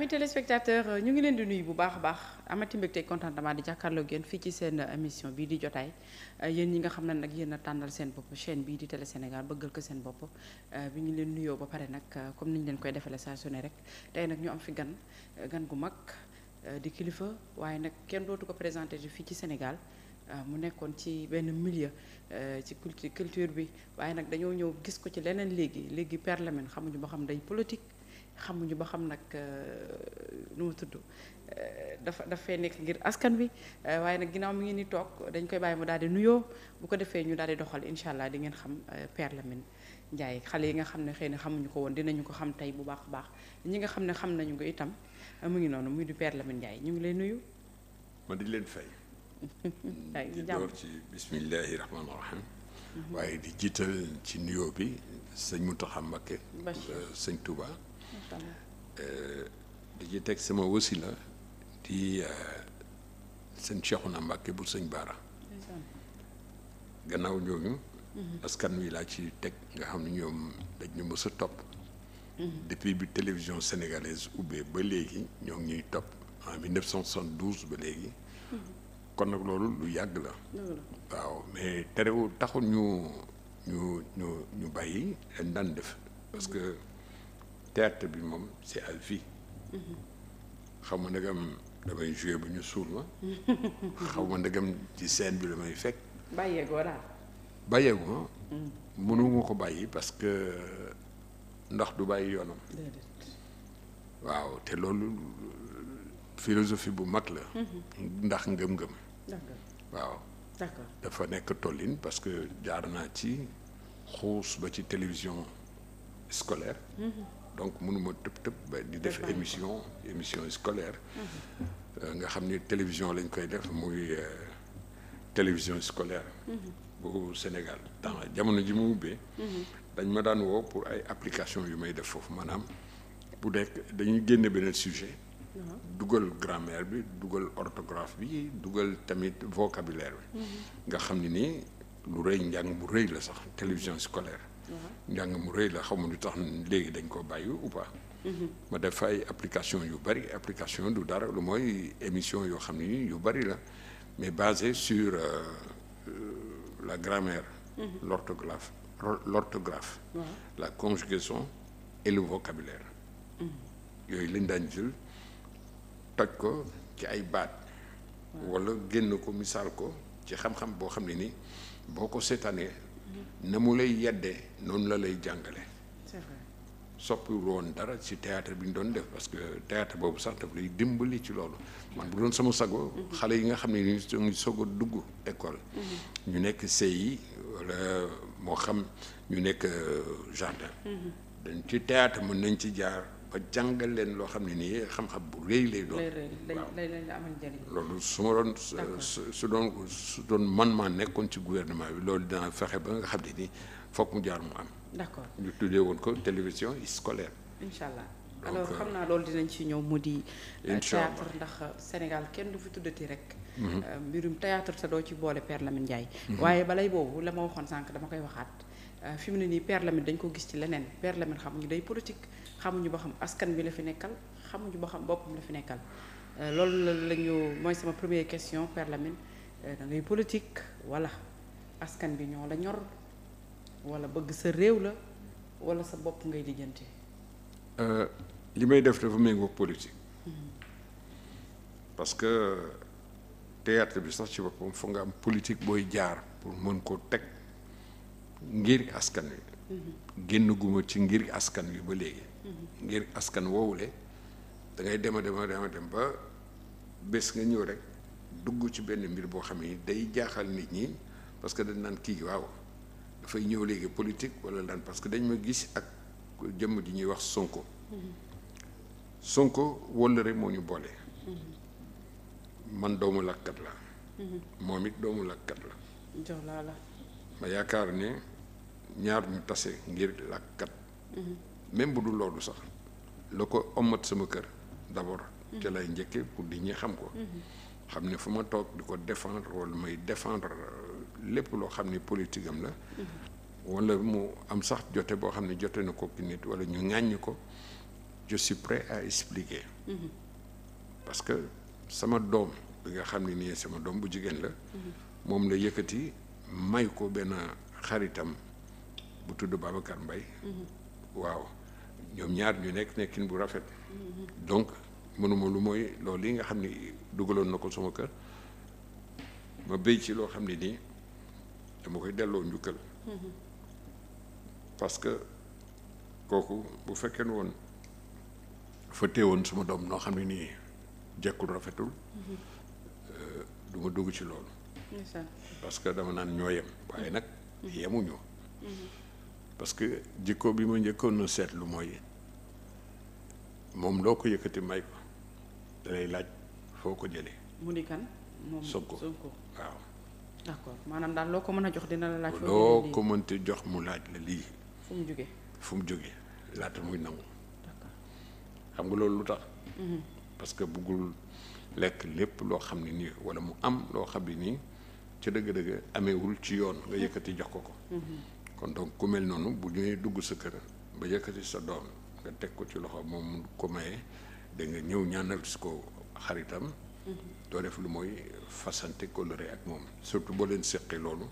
amis téléspectateurs euh, ñu ngi leen di nuyu bu baax a baax amati mbégte contentement di jàkkaarloo ak yéen ci seen euh, émission bii di jotaay euh, yéen ñi nga xam ne nag yéen a tànnal seen bopp chaîne bii di Télé Sénégal ko seen bopp bi ñu leen nuyoo ba pare nag comme ni ñu leen koy defalee saa su rek tey nag fi gan gan gu mag di kilifa waaye nag kenn dootu ko présenté fii ci Sénégal mu nekkoon ci benn milieu ci culture culture bi waaye nag dañoo ñëw gis ko ci leneen léegi léegi parlement xamuñu ba xam ne dañ politique. xamuñu ba xam nag euh, nu mu tudd euh, dafa daf fee nekk ngir askan wi euh, waaye nag ginnaaw mu ngi ni toog dañ koy bàyyi mu daal di nuyoo bu ko defee ñu daal di doxal incha allah di ngeen xam Père Lamine xale yi nga xam ne xëy na xamuñu ko woon dinañu ko xam tey bu baax a baax ñi nga xam ne xam nañu ko itam mu ngi noonu muy du Père Lamine Ndiaye ñu ngi lay nuyu. man di leen fay. di door ci bismillahi rahmaani rahim mhm. waaye di jiital ci nuyoo bi sëñ Mountakha Mbacké. sëñ Touba. Euh, di ci teg sama wasila di seen euh, sëñ na Mbacké bu sëñ Baara gannaaw ñooñu mhm. askan wi laa ci teg nga xam ne ñoom dañ ñu mës topp mhm. depuis bi télévision sénégalaise ubbee ba léegi ñoo ngi ñuy topp en 1972 ba léegi mhm. kon nag loolu lu yàgg la waaw mais terewul taxul ñu ñu ñu ñu bàyyi dañ daan def parce théâtre bi moom ci à vie xaw ma ndegam damay joué bu ñu suul ma xaw ma ndegam ci scène bi la may fekk bàyyeegoo daal bàyyeeguma mm. mënuma ko bàyyi parce que ndax du bàyyi yoonam waaw te loolu philosophie bu mag la mm-hmm. ndax ngëm-ngëm waaw dafa nekk tollin parce que jaar naa ci xuus ba ci télévision scolaire mm-hmm. donc mënuma tëb tëb ba di def émission émission scolaire mhm. euh, nga xam ni télévision lañ koy def muy euh, télévision scolaire bu mhm. Sénégal dans jamono ji mu ubbee mhm. dañ ma daan woo pour ay application yu may def foofu maanaam bu nekk dañuy génne beneen sujet dugal grammaire bi dugal orthographe bi dugal tamit vocabulaire bi nga xam ne nii lu rëy njàng bu rëy la sax télévision scolaire Uh-huh. njàng mu rëy la xamu lu tax léegi dañ ko bàyyi ou pas. Uh-huh. ma def fa ay application yu bari application du dara lu mooy émission yoo xam ni yu bari la mais basé sur euh, euh, la grammaire. Uh-huh. l'orthographe l'orthographe la conjugaison et le vocabulaire. yooyu lañ daan jël toj ko ci ay baat. wala génn ko missaal ko ci xam-xam boo xam ne nii boo ko seetaanee. ne mu lay yeddee noonu la lay jàngale soppi woon dara ci théâtre bi ñu doon def parce que théâtre boobu sax daf lay dimbali ci loolu man bu doon sama sago mhm. xale yi nga xam ne ñu ngi soog dugg école mhm. ñu nekk CI wala moo xam ñu nekk euh, jardin mhm. dañ ci théâtre mën nañ ci jaar ba jàngal leen loo xam ne nii xam-xam bu rëy lay doon. lay lay la amal njëriñ. loolu su ma doon su doon man maa nekkoon ci gouvernement bi loolu dinaa fexe ba nga xam ne nii foog mu jaar mu am. d'accord ñu woon ko télévision scolaire. incha allah alors xam euh, naa loolu dinañ ci ñëw mu di. Euh, théâtre ndax euh, Sénégal kenn du fi tuddati rek. Mm-hmm. mbirum théâtre sa doo ci boole Père Lamine njaay mm-hmm. waaye balay boobu la ma waxoon sànq dama koy waxaat fi mu ne nii Père Lamine dañ ko gis ci leneen Père Lamine xam nga day politique. xamuñu ba xam askan bi la fi nekkal xamuñu ba xam boppam la fi nekkal euh, loolu la la mooy sama première question Père Lamine euh, da ngay politique wala askan bi ñoo la ñor wala bëgg sa réew la wala sa bopp ngay lijjanti. Euh, li may def dafa méngóog politique. Mhm. parce que théâtre bi sax ci boppam foog nga am politique booy jaar pour mën ko teg ngir askan wi. Mhm. génn guma ci ngir askan wi ba léegi. ngir askan woowule dangay dem dema dema dema dem ba bés nga ñëw rek dugg ci benn mbir boo xam ne day jaaxal nit ñi parce que dañ naan kii waaw dafay ñëw léegi politique wala daan parce que dañ ma gis ak jëmm ji ñuy wax Sonko Sonko wóllëre moo ñu boole man doomu lakkat la moom it doomu lakkat la ma yaakaar ne ñaar ñu tase ngir lakkat même bu dul loolu sax la ko omat sama kër d'abord ca lay njëkke pour di ñi xam ko xam ne fu ma toog di ko défendre wala may défendre euh, lépp loo xam ne politique am la wala mu am sax jote boo xam ne jote na ko nit wala ñu ŋàññ ko je suis prêt à expliquer parce que sama doom bi nga xam ne nii sama doom bu jigéen la moom la yëkkati may ko benn xaritam bu tudd Babacar Mbaye mhm. waaw ñoom ñaar ñu nekk nekkin bu rafet donc mënuma lu mooy loolu li nga xam ni dugaloon na ko sama kër ma béy ci loo xam ne nii dama koy delloo njukkal parce que kooku bu fekkee woon fa woon suma doom noo xam ne nii jekkul rafetul du ma dugg ci loolu parce que dama naan ñoo yem waaye nag mm-hmm. yemuñu mm-hmm. parce que jikko bi ma njëkkoon a seetlu mooy moom loo ko yëkkati may ko dalay laaj foo ko jële mu di kan moom Sonko waaw. maanaam daal loo ko mën a jox dina la laaj. foo ko mënti jox mu laaj la lii. fu mu jógee fu mu jógee laata muy nangu. xam nga loolu lu tax. Mm-hmm. parce que bëggul lekk lépp loo xam ne nii wala mu am loo xam ne nii ca dëgg-dëgg ameewul ci yoon nga yëkkati jox ko ko. Mm-hmm. kon donc ku mel noonu bu ñuy dugg sa kër ba yëkkati sa doom nga teg ko ci loxo moom mu ko maye da nga ñëw ñaanal si ko xaritam. Mm-hmm. doo def lu mooy fasante coloré ak moom surtout boo leen seqee loolu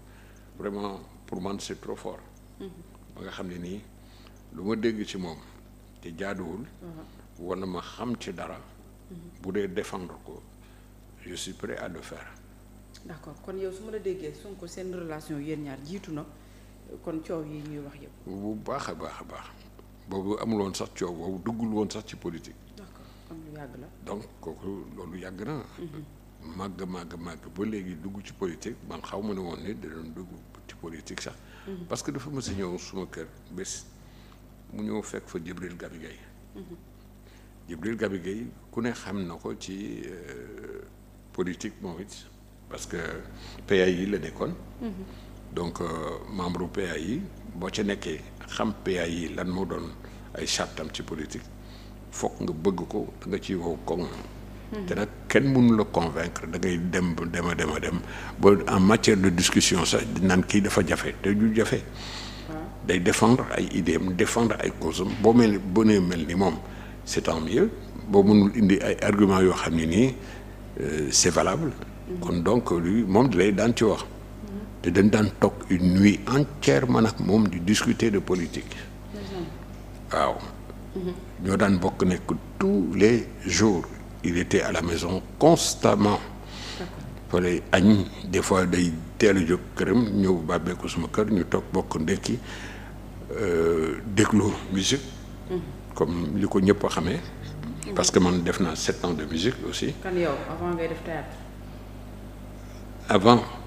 vraiment pour man c'est trop fort. Mm-hmm. ba nga xam ne nii lu ma dégg ci moom te jaaduwul. Mm-hmm. wala ma xam ci dara. bu dee défendre ko je suis prêt à le faire. d'accord kon yow su ma la déggee Sonko seen relation yéen ñaar jiitu na. kon coow yi ñuy wax yëpp. bu baax a baax a baax boobu amuloon sax coow boobu duggul woon sax ci politique. d'accord kon lu donc kooku loolu yàgg na. Mhm. màgg màgg màgg ba léegi dugg ci politique man xaw ma ne woon ne da doon dugg ci politique sax. Mhm. parce que dafa mës a ñëw suma kër bés mu ñëw fekk fa Djibril Gabi Guèye. Mhm. Djibril Gabi Guèye ku ne xam na ko ci euh, politique moom it parce que PAI yi la nekkoon. donc euh, membre bu PAI yi boo ca nekkee xam PAI yi lan moo doon ay chattam ci politique foog nga bëgg ko nga ciy wow koŋ te kenn mënu la da ngay dem dema dema dem ba en matière de discussion sax naan kii dafa jafe te du jafe hmm. day défendre ay idées am ay cause am boo mel boo nee moom c'est tant mieux boo indi ay arguments yoo xam ne nii euh, c'est valable hmm. kon donc lui moom dalay daan ci wax dañ daan toog une nuit entière man ak moom di discuter de politique waaw ñoo daan bokk nekk tous les jours il était à la maison constamment fale añ des fois day teelu jóg këram ñëw bàbbee suma kër ñu toog bokk ndekki euh, déglu musique mm-hmm. comme li ko ñëpp a xamee mm-hmm. parce que man def naa sept ans de musique aussi. kan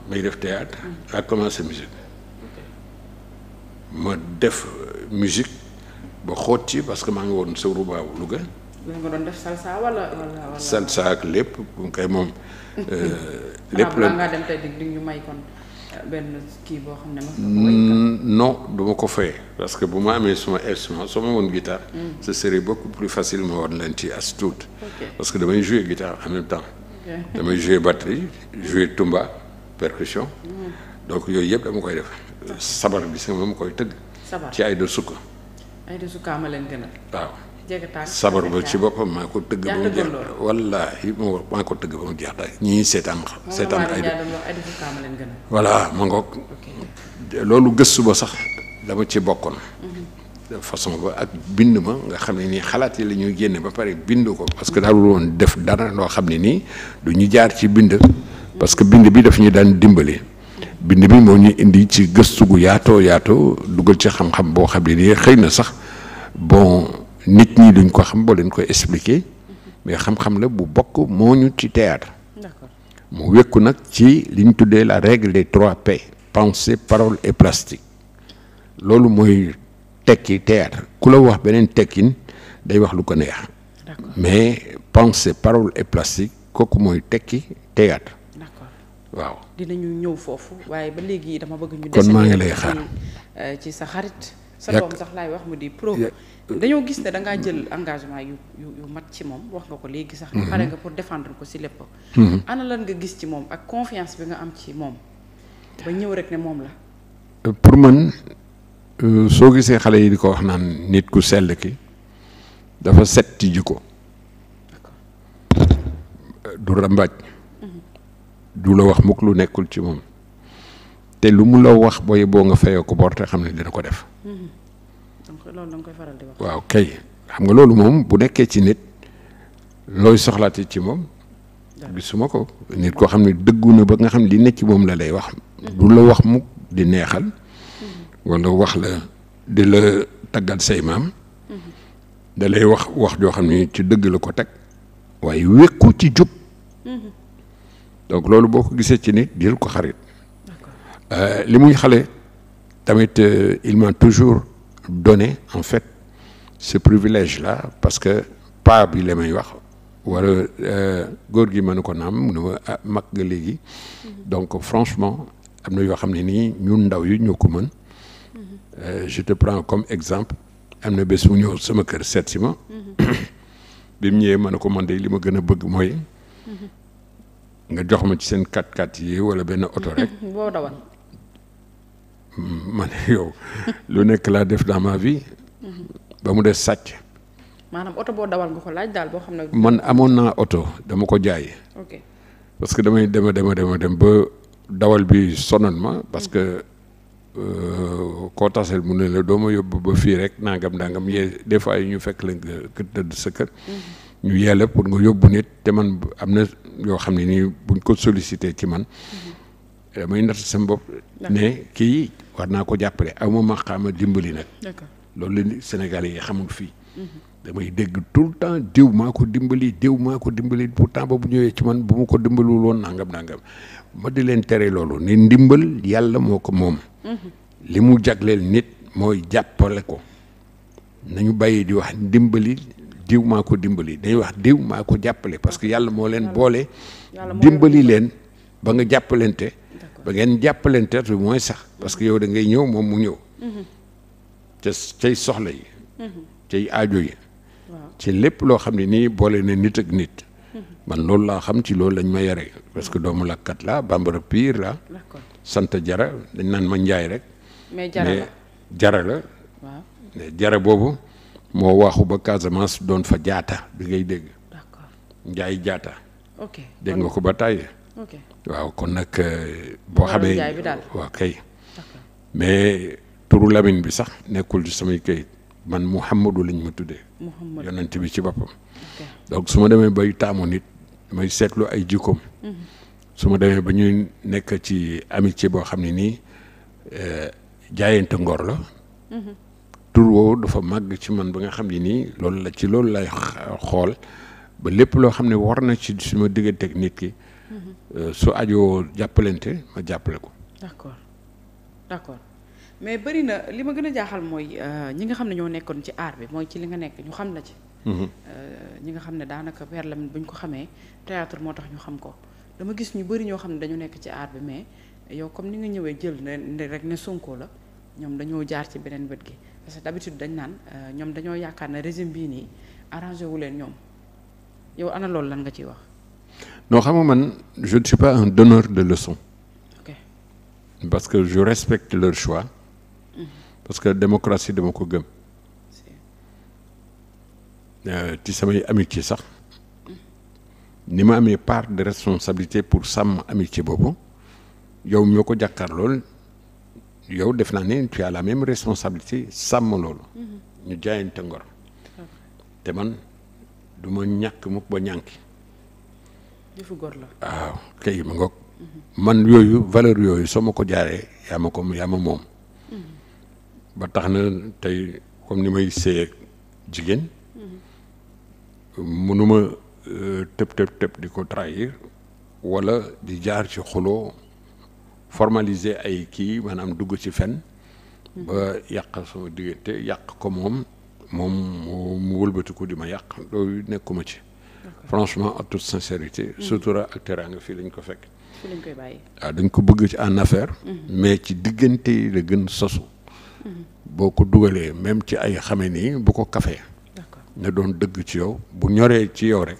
may def théâtre a commencé musique ma def musique ba xóot ci parce que maa ngi woon Sëwru Baabu Louga. nga doon def salsa wala wala. salsa ak lépp kay moom. Euh, ah, lépp la nga euh, kii boo xam ne mm, du ma ko fay parce que bu ma amee suma instrument soo ma woon guitare. Mm. ce serait beaucoup plus facile ma woon leen ci as parce que damay jouer guitare en même temps. damay jouer batterie jouer tumba. percussion donc yooyu yëpp dama koy def sabar bi sama ma koy tëgg ci ay da sukka ay da waaw sabar ba ci boppam maa ko tëgg ba mu jeex wallaahi maa ko tëgg ba mu jeex daal ñii seetaan seetaan ay voilà ngoog loolu gëstu ba sax dama ci bokkoon mhm. façon ba ak bind ma nga xam ne nii xalaat yi la ñuy génne ba pare bind ko parce que daal woon def dara loo xam ne nii du ñu jaar ci bind parce que bind bi daf ñu daan dimbali bind bi moo ñu indi ci gëstu gu yaatoo yaatoo dugal ci xam-xam boo xam ne nii xëy na sax bon nit ñi duñ ko xam boo leen koy expliquer mais xam-xam la bu bokk moo ñu ci théâtre mu wékku nag ci li ñu tuddee la règle des trois P pensée parole et plastique loolu mooy tekki théâtre ku la wax beneen tekkin day wax lu ko neex mais pensée parole et plastique kooku mooy tekki théâtre waaw ñu ñëw foofu waaye ba léegi dama bëgg ñu. kon maa ngi lay xaar euh, ci sa xarit. sa doom sax laay wax mu di pro dañoo gis ne da ngaa jël engagement yu mat ci moom wax nga ko léegi sax. Mm-hmm. pare nga pour défendre ko si lépp. Mm-hmm. ana lan nga gis ci moom ak confiance bi nga am ci moom ba ñëw rek ne moom la. pour man euh, soo gisee xale yi di ko wax naan nit ku sell ki dafa set ci jikko. Euh, du rambaaj. du la wax mukk lu nekkul ci moom te lu mu la wax booy boo nga fayoo ko bor xam ne dina ko def. loolu da waaw kay xam nga loolu moom bu nekkee ci nit looy soxlaati ci moom. suma ko nit koo xam ne dëggu na ba nga xam ne li nekk ci moom la lay wax. Mhm. du la wax mukk di neexal. Mhm. wala wax la di la taggal say maam. Mhm. da lay wax wax joo xam ne ci dëgg la ko teg waaye wékku ci jub. donc loolu boo ko gisee ci nit jël ko xarit euh, li muy xale tamit euh, il m'a toujours donné en fait ce privilège là parce que pa bi la may wax wala euh, góor gi mënu ko naam mu ne ma ah, mag nga léegi mhm. donc franchement am na yoo xam ne nii ñun ndaw yi ñoo ko mën mhm. je te prends comme exemple am na bés mu ñëw sama kër seet si mhm. bi mu ñëwee ma ne ko man de li ma gën a bëgg mooy nga jox ma ci seen 4x4 yi wala benn oto rek. boo dawal. ma yow lu nekk laa def dans ma vie. Mhm. ba mu des sàcc. maanaam oto boo dawal nga ko xam ne. man amoon naa oto dama ko jaay. parce que damay dema dema dema dem ba dawal bi sonal ma parce que. Mhm. Euh, koo tasel mu ne la doo yóbbu ba fii rek nangam nangam yee des fois yi ñu fekk la nga tëdd sa kër. Mhm. ñu yeele pour nga yóbbu nit te man am na yoo xam ne nii buñ ko sollicité ci man mhm. damay natt sama bopp ne kii war naa ko jàppale aw ma maqaama dimbali nag loolu la Sénégalais yi xamul fii mhm. damay dégg tout le temps diw maa ko dimbali diw maa ko dimbali pourtant ba bu ñëwee ci man bu mu ko dimbalul woon nangam nangam ma di leen tere loolu ni ndimbal yàlla moo ko moom mhm. li mu jagleel nit mooy jàppale ko nañu bàyyi di wax ndimbali diw maa ko dimbali day wax diw maa ko jàppale parce que yàlla moo leen boole dimbali leen ba nga jàppalante ba ngeen jàppalante du mooy sax mhm. parce que yow da ñëw moom mu ñëw mhm. ca soxla yi mhm. aajo yi ci lépp loo xam ne nii boole na nit nit man loolu laa xam ci loolu lañ ma yare parce que doomu lakkat la bambara piir la sant jara dañ naan ma njaay rek mais jara la jara boobu moo waxu ba Casamance doon fa jaata bi ngay dégg. njaay jaata. ok dégg nga ko ba tàyyi. ok waaw kon nag euh, boo. xamee waaw kay. mais turu Lamine bi sax nekkul ci samay kayit man Mouhamadou lañ ma tuddee. Mouhamadou yonent bi ci boppam. su ma demee bay taamu nit damay seetlu ay jikkoom. Mhm. su ma demee ba ñuy nekk ci ci boo xam ne nii euh, jaayante ngor la. Mhm. tur woowu dafa màgg ci man ba nga xam ne nii loolu la ci loolu lay xool ba lépp loo xam ne war na ci suma diggante ak nit ki mhm. euh, su ajoo jàppalante ma jàppale ko d'accord d'accord mais bëri na li ma gën a jaaxal mooy euh, ñi nga xam ne ñoo nekkoon ci aar bi mooy ci li nga nekk ñu xam la ci mhm. euh, ñi nga xam ne daanaka Père Lamine bu ñu ko xamee théâtre moo tax ñu xam ko dama gis ñu bëri ñoo xam ne dañu nekk ci aar bi mais yow comme ni nga ñëwee jël ne rek ne Sonko la ñoom dañoo jaar ci beneen bët gi parce que d'habitude dañ naan euh, ñoom dañoo yaakaar ne régime bii nii arrangé wu leen ñoom yow ana lool lan nga ciy wax. non xam man je ne suis pas un donneur de leçons. ok parce que je respecte leur choix. Mmh. parce que démocratie dama ko gëm. Euh, ci samay amitié sax mmh. ni ma amee part de responsabilité pour sàmm amitié boobu yow ñoo ko jàkkaar lool yow def naa ne tu as la même responsabilité sàmm loolu. Mhm. ñu jaayante ngor. te man du ma ñàkk mukk ba ñànki. jëfu gor waaw kay ma ngoog. Mhm. man yooyu valeur yooyu soo ma ko jaaree yaa ma ko yaa ma moom. Mhm. ba tax na tey comme ni may seeyee jigéen. mënuma tëb euh, tëb di ko trahir wala di jaar ci xuloo formaliser ay kii maanaam dugg ci fen ba yàq sama diggante yàq ko moom moom mu wëlbatiku di ma yàq loolu nekkuma ci franchement en toute sincérité mm. surtout ak teraanga fii lañ ko fekk waaw dañ ko bëgg ci en affaire mm-hmm. mais ci diggante la gën sosu mm-hmm. boo ko dugalee même ci ay xame nii bu ko kafee na doon dëgg ci yow bu ñoree ci yow rek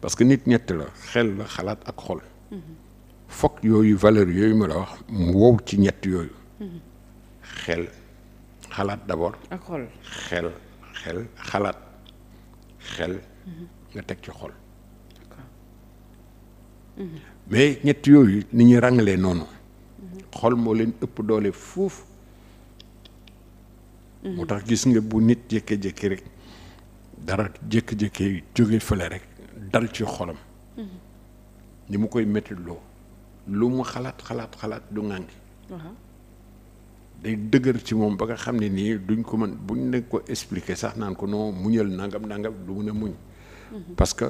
parce que nit ñett la xel la xalaat ak xol mm-hmm. fokk yooyu valeur yooyu ma la wax mu wow ci ñett yooyu xel xalaat d'abord ak xol xel xel xalaat xel nga teg ci xol mais ñett yooyu ni ñuy ràngalee noonu xol moo leen ëpp doole foofu moo tax gis nga bu nit jékke-jékki rek dara jékki-jékki jóge rek dal ci xolam ni mu koy métti lu mu xalaat xalaat xalaat du ŋànki uh-huh. day dëgër ci moom ba nga xam ne nii duñ ko mën buñ ne ko expliquer sax naan ko non muñal nangam nangam du mun a muñ uh-huh. parce que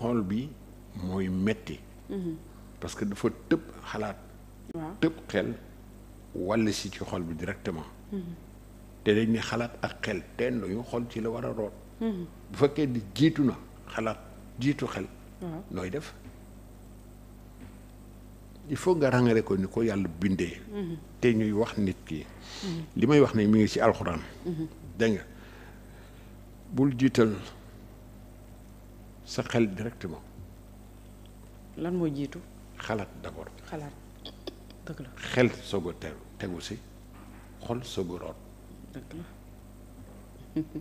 xool bi mooy metti uh-huh. parce que dafa tëb xalaat xel wàll si ci xol bi directement te dañ ne xalaat ak xel teen la ñu xol ci la war a root bu fekkee di jiitu na xalaat jiitu xel nooy def il faut nga rangale ko ko yàlla bindee. te wax nit ki. li may wax ne mi ngi ci alxuraan. dégg nga bul jiital sa xel directement. lan moo jiitu. xalaat d'abord. xalaat dëgg la. tegu si xol soog a root.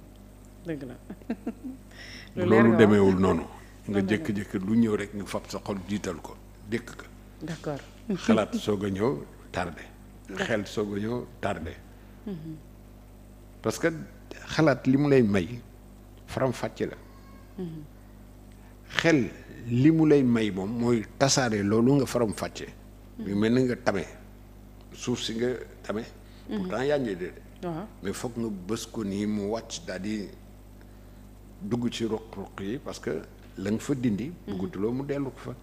loolu demeewul noonu. nga jékki-jékki lu ñëw rek nga fab sa xol jiital ko dékk ka d'accord xalaat soog a ñëw tardé xel soog a ñëw tardé mhm. parce que xalaat li mu lay may faram fàcce la mhm. xel li mu lay may moom mooy tasaare loolu nga faram mu mhm. mel ni nga tame suuf si nga tame pourtant yaa ngi dee mais foog nga bës ko nii mu wàcc daal di dugg ci roq-roq yi parce que la nga fa dindi bëggatuloo mu dellu ko fa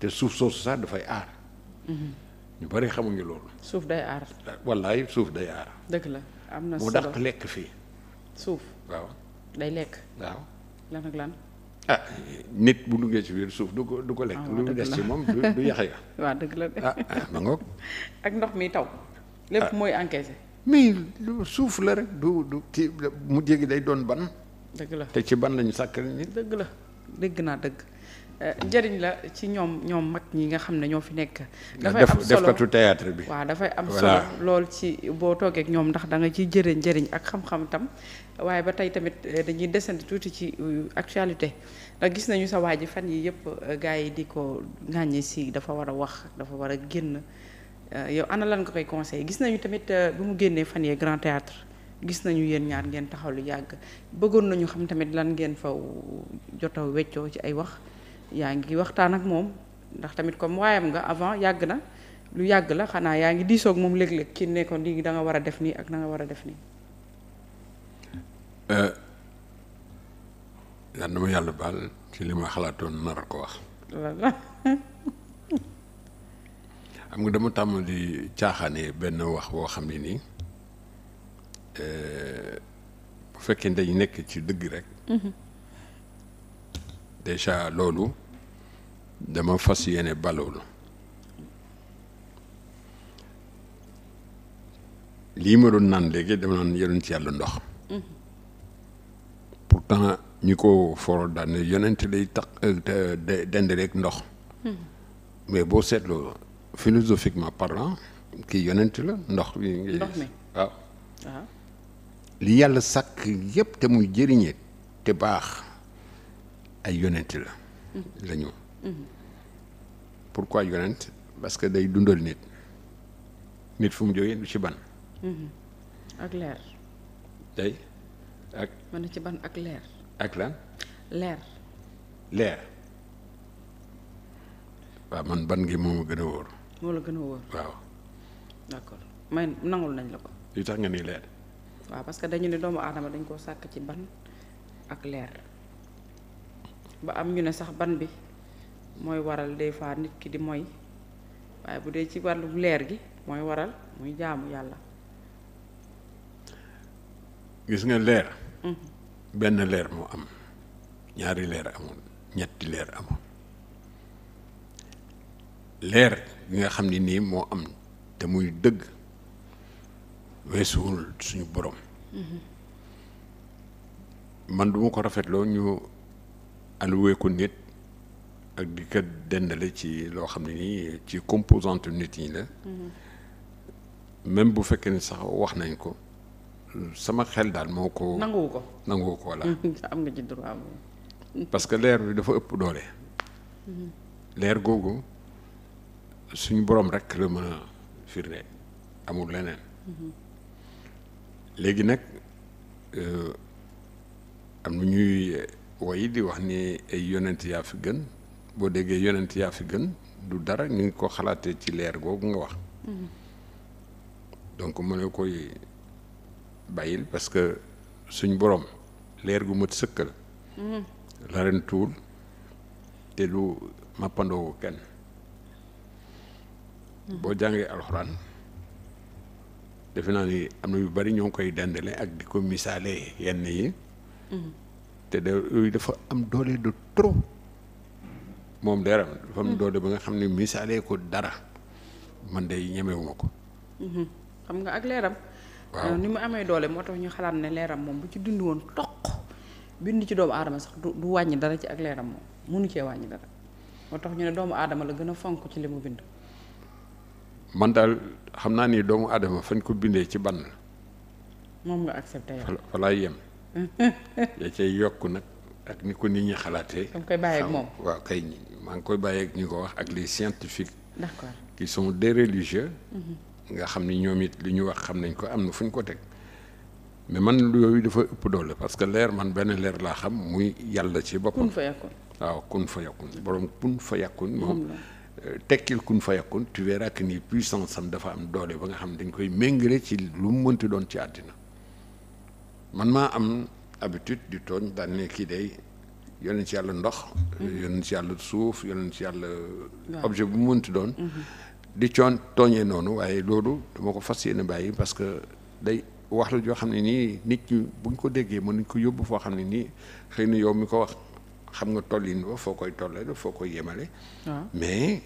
te suuf soosu sax dafay aar. Mhm. ñu bari xamuñu loolu. suuf day aar. wallaay suuf day aar. dëgg la am na solo mu dàq lekk fii. suuf day lekk. waaw lan ah, nit bu duggee ci biir suuf du ko du ko lekk. Ah, lu mu des ci moom du du yax ya. dëgg la de. ah, ah ma ak ndox mi taw. lépp mooy encaissé. mais suuf la rek du du mu jéggi day doon ban. dëgg la te ci ban lañu sàkkal nit. dëgg la dégg naa dëgg. njëriñ la ci ñoom ñoom mag ñi nga xam ne ñoo fi nekk. dafay am solo bi. waaw dafay am lool ci boo toogee ñoom ndax da nga ciy jëre njëriñ ak xam-xam tam waaye ba tey tamit eh, dañuy desandi tuuti ci eh, actualité ndax gis nañu sa waa ji fan yi yëpp eh, gars yi di ko ŋàññi si dafa war a wax dafa war a génn yow ana lan nga koy conseil gis nañu tamit bi mu génnee fan yee grand théâtre gis nañu yéen ñaar ngeen taxaw lu yàgg bëggoon nañu xam tamit lan ngeen fa jot weccoo ci ay wax. yaa ngi waxtaan ak moom ndax tamit comme waayam nga avant yàgg na lu yàgg la xanaa yaa ngi diisoog moom léeg-léeg ki ne ko lii danga war a def nii ak na nga war a def nii. Euh, yàlla na ma yàlla baal ci li ma xalaatoon nar ko wax. xam nga dama tàmm di caaxaane benn wax woo xam ne nii euh, bu fekkee dañ nekk ci dëgg rek. Mm-hmm. déjà loolu dama fas yéene ba la lii ma doon naan léegi dama naan yonent yàlla ndox pour pourtant ñi ko foro daan yonent lay tax dend ndox mais boo seetloo philosophiquement parlant kii yonent la ndox bi li yàlla sàkk yépp te muy jëriñee te baax ay yonent la la ñu pourquoi yonent parce que day dundal nit nit fu mu jógee du ci ban mm-hmm. ak leer day ak mën na ci ban ak leer ak la leer leer waaw man ban ngi moom a gën a wóor moo la gën a wóor waaw d'accord may nangul nañ la ko li tax nga ni leer waaw parce que dañu ne doomu aadama dañ koo sàkk ci ban ak leer ba am ñu ne sax ban bi mooy waral des fois nit ki di moy waaye bu dee ci wàllu leer gi mooy waral muy jaamu yàlla gis nga leer mm-hmm. benn leer moo am ñaari leer amul ñetti leer amul leer bi nga xam ni nii moo am te muy dëgg weesuwul suñu borom mm-hmm. man du ko rafetloo ñu alloué ko nit ak di ko dendale ci loo xam ne nii ci composante nit yi la mhm. même bu fekkee ni sax wax nañ ko sama xel daal moo ko nanguwu ko nanguwu ko am nga ci droit parce que leer bi dafa ëpp doole mhm. leer googu suñ boroom rekk la mën a firnde amul leneen mhm. léegi nag euh, am ñuy way di wax ni ay yonent yaa fi gën boo déggee yonent yaa fi gën du dara ñu ngi ko xalaatee ci leer googu nga wax mm-hmm. donc mu ne koy bàyyil parce que suñ borom leer gu mat sëkk la mm-hmm. la ren tuul te du mappandoo kenn mm-hmm. boo jàngee alxuraan defe naa ni am na yu bari ñoo koy dendale ak di ko misaalee yenn yi te da dafa am doole de trop moom dara dafa am mm-hmm. doole ba nga xam ne misaalee ko dara man de ñemewuma ko. Mm-hmm. xam nga ak leeram. Euh, ni mu amee doole moo tax ñu xalaat ne leeram moom bu ci dund woon toq bind ci doomu aadama sax du wàññi dara ci ak leeram moom munu cee wàññi dara moo tax ñu ne doomu aadama la gën a fonk ci li mu bind. man daal xam naa ni doomu aadama fañ ko bindee ci ban moom nga accepté yow fa laay yem. da yokk nag ak ni ko nit ñi xalaatee. da koy bàyyi moom waaw kay maa ngi koy bàyyi ak ñi ko wax ak les scientifiques. d'accord qui sont des religieux. Mhm. nga xam ni ñoom it lu ñu wax xam nañ ko am na fu ñu ko teg. mais man lu yooyu dafa ëpp doole parce que leer man benn leer laa xam muy yàlla ci boppam. kun fa yàkkun waaw kun fa yàkkun borom kun fa yàkkun moom. Euh, tekkil kun fa yàkkun tu verras que ni puissance am dafa am doole ba nga xam ne dañ koy méngale ci lu mu mënti doon ci àddina. man maa am habitude di tooñ daan ne kii day yoneen ci yàlla ndox mhm. yoneen ci yàlla suuf yoneen ci yàlla objet bu mu mënti doon mhm. di coon tooñee noonu waaye loolu dama ko fas yéene bàyyi parce que day wax la joo xam ne nii nit ñi buñ ko déggee mën nañ ko yóbbu foo xam ne nii xëy na yow mi ko wax xam nga tollin ba foo koy tollale foo koy yemale mais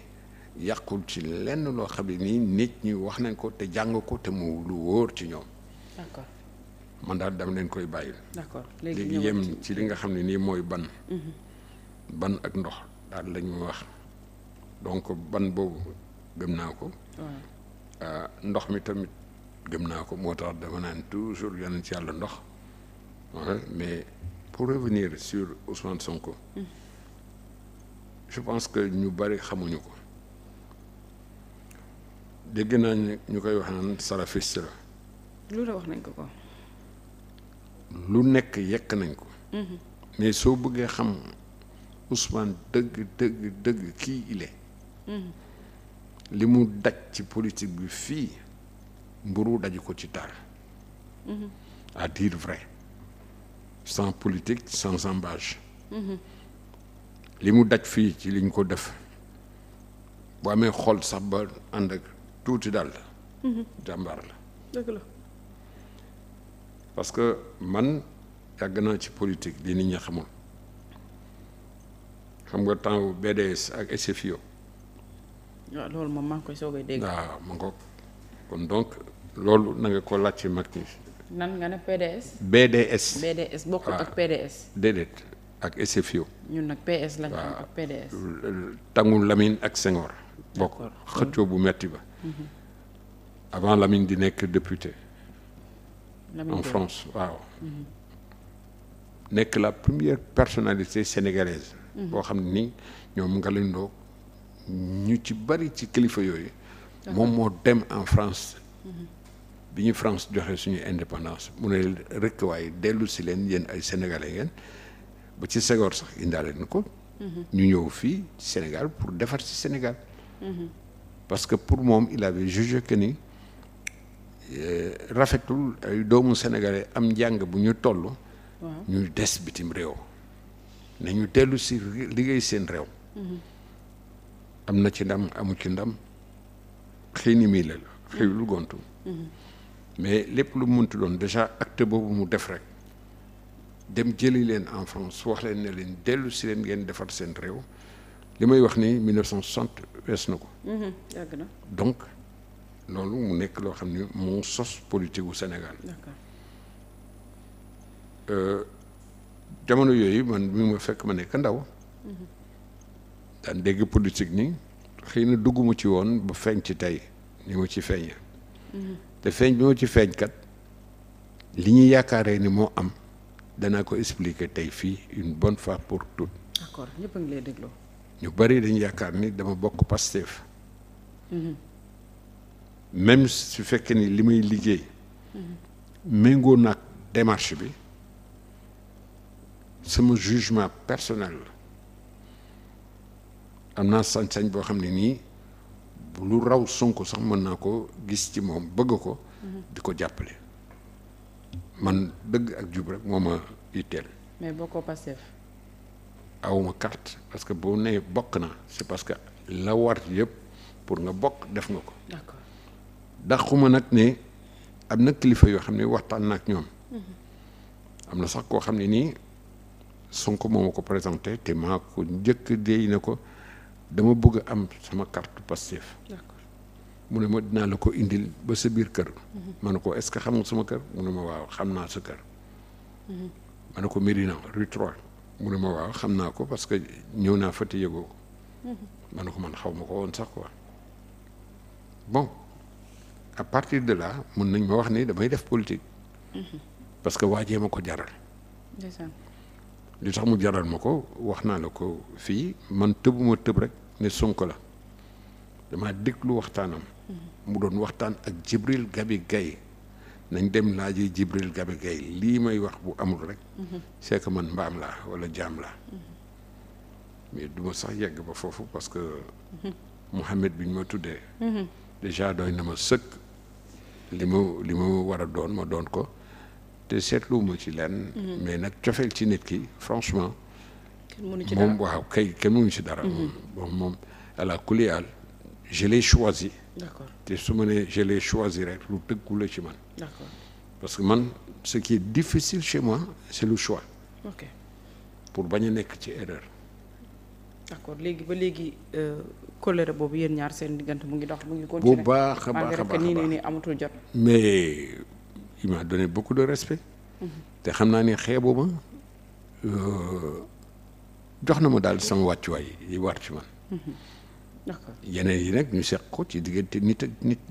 yàqul ci lenn loo xam ne nii nit ñi wax nañ ko te jàng ko te mu lu wóor ci ñoom man daal dama leen koy bàyyil. d'accord léegi yem ci li nga xam ne nii mooy ban. Mhm. ban ak ndox daal lañ wax donc ban boobu gëm naa ko. Ah, ndox mi tamit gëm naa ko moo tax dama naan toujours yeneen ci yàlla ndox ah, mais pour revenir sur Ousmane ko mhm. je pense que ñu bari xamuñu ko dégg naa ñu koy wax naan salafiste la. wax nañ ko. lu nekk yekk nañ ko. mais soo bëggee xam usman dëgg dëgg dëgg kii il li mu daj ci politique bi fii mburu daju ko ci dara. à dire vrai sans politique sans embâche. li mu daj fii ci liñ ko def bu amee xol sax ba ànd ak tuuti daal la. jàmbaar la. parce que man yàgg naa ci politique li nit ñi xamul xam nga temps BDS ak SFIO. waaw ah, loolu moom maa ngi koy soog a dégg. waaw ah, ma ko kon donc loolu na nga ko laaj mag ñi. nan nga ne PDS. BDS BDS ah. ak PDS. déedéet ak SFIO. ñun nag PS lañ am ak PDS. tàngul Lamine ak Senghor. bokk xëccoo bu metti ba. Mhm. avant Lamine di nekk député. en France waaw mhm. nekk la première personnalité sénégalaise mhm. boo xam ne ni ñoom Galindo ñu ci bari ci kilifa yooyu moom moo dem en France mhm. bi ñu France joxe suñu indépendance mu ne rekk waaye dellu si leen yéen ay sénégalais ngeen ba ci Senghor sax indaale na ko ñu ñëw fii Sénégal pour defar si Sénégal parce que pour moom il avait jugé que ni Euh, rafetul ay doomu sénégalais am njàng bu ñu tollu ñuy des bitim réew. nañu dellu si liggéey seen réew. Mhm. am na ci ndam amu ci ndam xëy na mii la lu gontu. Mhm. mais lépp lu muntu doon déjà acte boobu mu def rek dem jëli leen en France wax leen ne leen dellu si leen ngeen defar seen réew li may wax ni 1960 wees na ko. Mhm, loolu mu nekk loo xam ne moo sos politique wu Sénégal euh, jamono yooyu man mi ma fekk ma nekk ndaw mhm. daan dégg politique ni xëy na dugguma ci woon ba feeñ ci tey ni ma ci feeñee mhm. te feeñ bi ma ci feeñ li ñuy yaakaaree ni moo am danaa ko expliquer tey fii une bonne fois pour toutes. ñu bari dañu yaakaar ni dama bokk Pastef. Mhm. même su fekkee ni li may liggéey méngoo nag démarche bi sama jugement personnel am naa sañ-sañ boo xam ne nii lu raw Sonko sax mën naa ko gis ci moom bëgg ko di ko jàppale man dëgg ak jub rek moo ma itteel mais boo ko Pastef awuma carte parce que boo nee bokk naa c'est parce que la war yëpp pour nga bokk def nga ko dàquma nag ne am na kilifa yoo xam ne waxtaan nag ñoom mm-hmm. am na sax koo xam ne nii Sonko moo ma ko présenté te maa ko njëkk déy na ko dama bugg am sama carte Pastef mu ne ma dinaa la ko indil ba sa biir kër mm-hmm. ma ne ko est-ce que xam nga suma kër mu ne ma waaw xam naa sa kër mm-hmm. ma ne ko Médina rue mu ne ma waaw xam naa ko parce que ñëw naa fa te yëgoo ko ma ne ko man xaw ma ko woon sax quoi bon à partir de là mën nañ ma wax nii damay def politique. parce que waajee ma ko jaral. lu tax mu jaral ma ko wax naa la ko fii man tëbuma tëb rek ne Sonko la dama déglu waxtaanam. mu doon waxtaan ak Jibril Gabi Gaye nañ dem laaji Jibril Gabi Gaye lii may wax bu amul rek. c'est man mbaam laa wala jaam laa. mais du sax yegg ba foofu parce que. Mouhamed bi ñu ma tuddee. Mhm. déjà doy na ma sëkk. li ma li ma war a doon ma doon ko te seetluwuma ci lenn. Mhm. mais nag cofeel ci nit ki franchement. moom waaw kay kenn mënu ci dara. bon mhm. moom ala kulli aal je l'ai choisi. te su ma nee jëlee choisi rek lu tëggu la ci man. parce que man ce qui est difficile chez moi c'est le choix. ok pour bañ a nekk ci erreur. d'accord léegi ba léegi euh, colère boobu yéen ñaar seen diggante mu ngi dox mu ngi continuer bu baax a baax a baax nii amatul jot. mais il m'a donné mm-hmm. te xam naa ne xeebu ma euh, jox na ma daal sama wàccuwaay yi war mm-hmm. yi nag ñu seq ko ci diggante nit nit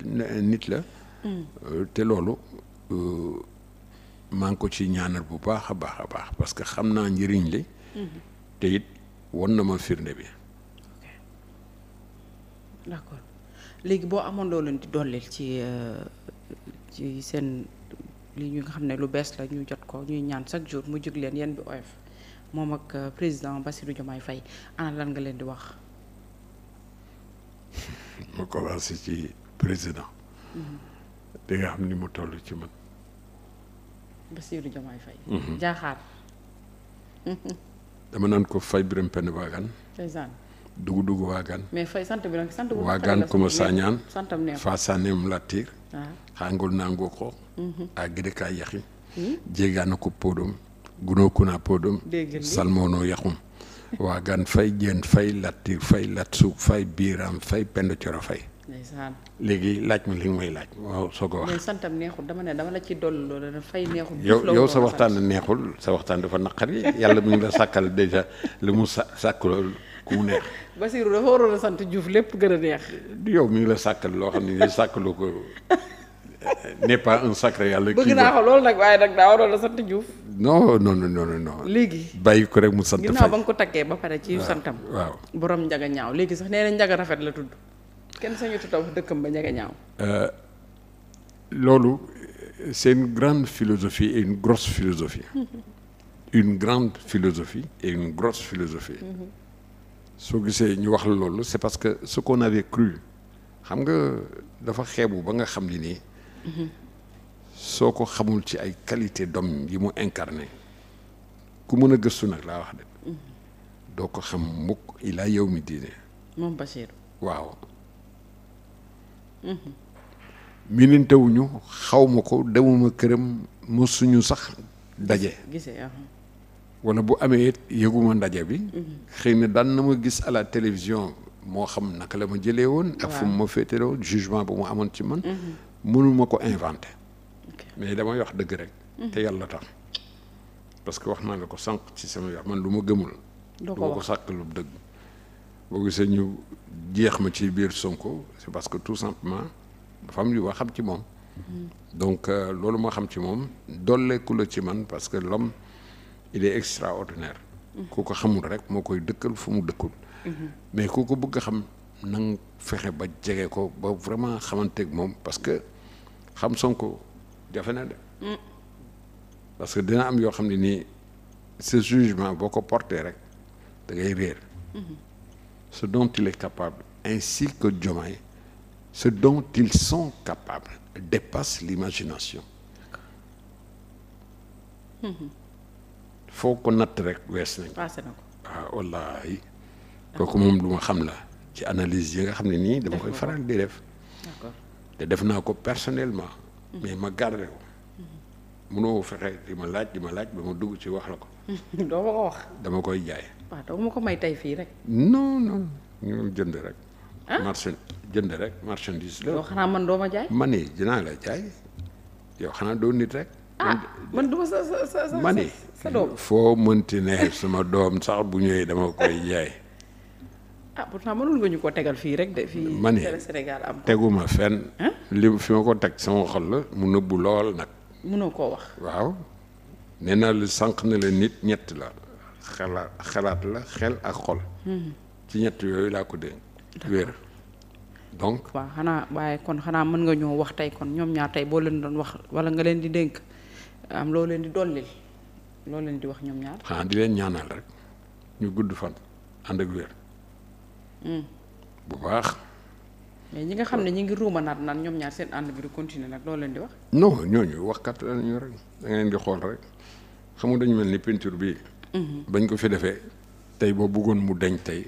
nit la. Mm. Euh, te loolu maa ngi ko ci ñaanal bu baax a baax a baax parce que xam naa njëriñ li. Mm-hmm. te it won na ma firnde bi. accord léegi boo amoon loo leen di dolleel ci euh, ci seen li ñu nga xam ne lu bees la ñu jot ko ñuy ñaan chaque jour mu jóg leen yéen bi oyof moom ak euh, président Bassirou Diomaye fay ana lan nga leen di wax. ma commencé ci président. Mhm. di xam ni mu toll ci man. Bassirou Diomaye Faye. Mhm. jaaxaar. dama naan ko fay biram penn waagaan dugu dugu waagaan mais waagaan kuma sañaan faa saaneem lattiir xaangol naa ngoo ko mhm. a gede kaa yaxi hmm? ko podom gunoo kunaa podom salmoonoo yaxum waagaan fay jeen fay lattiir fay latsuug fay biiram fay penn coro fay léegi laaj ma li nga may laaj waaw soo ko wax. mais santam neexul dama ne dama la ci dolli loolu dana fay neexul. yow yow sa waxtaan neexul sa waxtaan dafa naqari yàlla mu ngi la sàkkal déjà lu mu sa sàkk ku mu neex. Basirou dafa sant Diouf lépp gën a neex. yow mi ngi la sàkkal loo xam ne sàkkaloo ko n'est pas un sacré yàlla. kii bëgg naa ko loolu nag waaye nag daa waroon a sant Diouf. non non non non léegi bàyyi ko rek mu sant. fay ginnaaw ba nga ko takkee ba pare ci santam. waaw borom njaga ñaaw léegi sax nee na njaga rafet la tudd. kenn sañatu tabax dëkkam ba njëkk a ñaaw. Euh, loolu c'est une grande philosophie et une grosse philosophie. une grande philosophie et une grosse philosophie. Mm-hmm. soo gisee ñu wax la loolu c'est parce que ce qu'on avait cru xam nga dafa xeebu ba nga xam ni nii. Mm-hmm. soo ko xamul ci ay qualité d'homme yi mu incarné ku mën a gëstu nag laa wax de. Mm-hmm. doo ko xam mukk ilaa yow mi diine. waaw. minante xaw ma ko demuma këram mu suñu sax daje. wala bu amee yëguma ndaje bi. Mhm. xëy na daan na ma gis à la télévision moo xam naka la ma jëlee woon. ak fu mu ma féetee woon jugement bu mu amoon ci man. Mhm. mënuma ko inventé. mais damay wax dëgg rek. Mhm. te yàlla tax parce que wax naa la ko sànq ci sama wax man lu ma gëmul. doo du ma ko sàkk lu dëgg. boo gisee ñu jeex ma ci biir Sonko c'est parce que tout simplement dafa am yu ma xam ci moom donc euh, loolu ma xam ci moom dolleeku la ci man parce que l'homme il est extraordinaire ku ko xamul rek moo koy dëkkal fu mu dëkkul mais ku ko bëgg a xam na fexe ba jege ko ba vraiment xamanteeg moom parce que xam Sonko jafe na de parce que dina am yoo xam ne nii ce jugement boo ko porté rek da ngay réer ce dont il est capable, ainsi que Diomaye, ce dont ils sont capables dépasse l'imagination. foo ko natt rek wees nañ waaw ah, ah, wallaahi kooku moom lu ma xam la ci analyse yi nga xam ne nii dama koy faral di def te def naa ko personnellement mm-hmm. mais ma garde ko mënoo mm-hmm. fexe di ma laaj di ma laaj ba ma dugg ci wax la ko doo ma ko wax dama koy jaay waaw doo ma ko may tey fii rek. non non jënd rek. ah marchand rek marchandise la. yow xanaa man doo ma jaay. ma ne dinaa la jaay yow xanaa doo nit rek. Ah, man du sa foo mënti ne sama doom sax bu ñëwee dama koy jaay. ah pourtant mënul nga ñu ko tegal fii rek de fii. ma ne teguma fenn. li fi ma ko teg sama xol la mu nëbbu lool nag. mënoo koo wax. waaw nee naa la la nit ñett la. xalaat xalaat la xel ak xol. Hmm. ci ñett yooyu laa ko dénk. wér donc. waaw xanaa waaye kon xanaa mën nga ñoo wax tey kon ñoom ñaar tey boo leen doon wax wala nga leen di dénk am loo leen di dollil loo leen di wax ñoom ñaar. xanaa di leen ñaanal rek ñu gudd fan ànd ak wér. Hmm. bu baax. mais ñi nga xam ne ñi ngi ruuma naat naan ñoom ñaar seen ànd bi du continuer nag loo leen di wax. non ñooñu wax kat la ñu rek da nga leen di xool rek xam nga dañu mel ni peinture bii. Mm-hmm. bañ ko fi defee tey boo buggoon mu dañ tey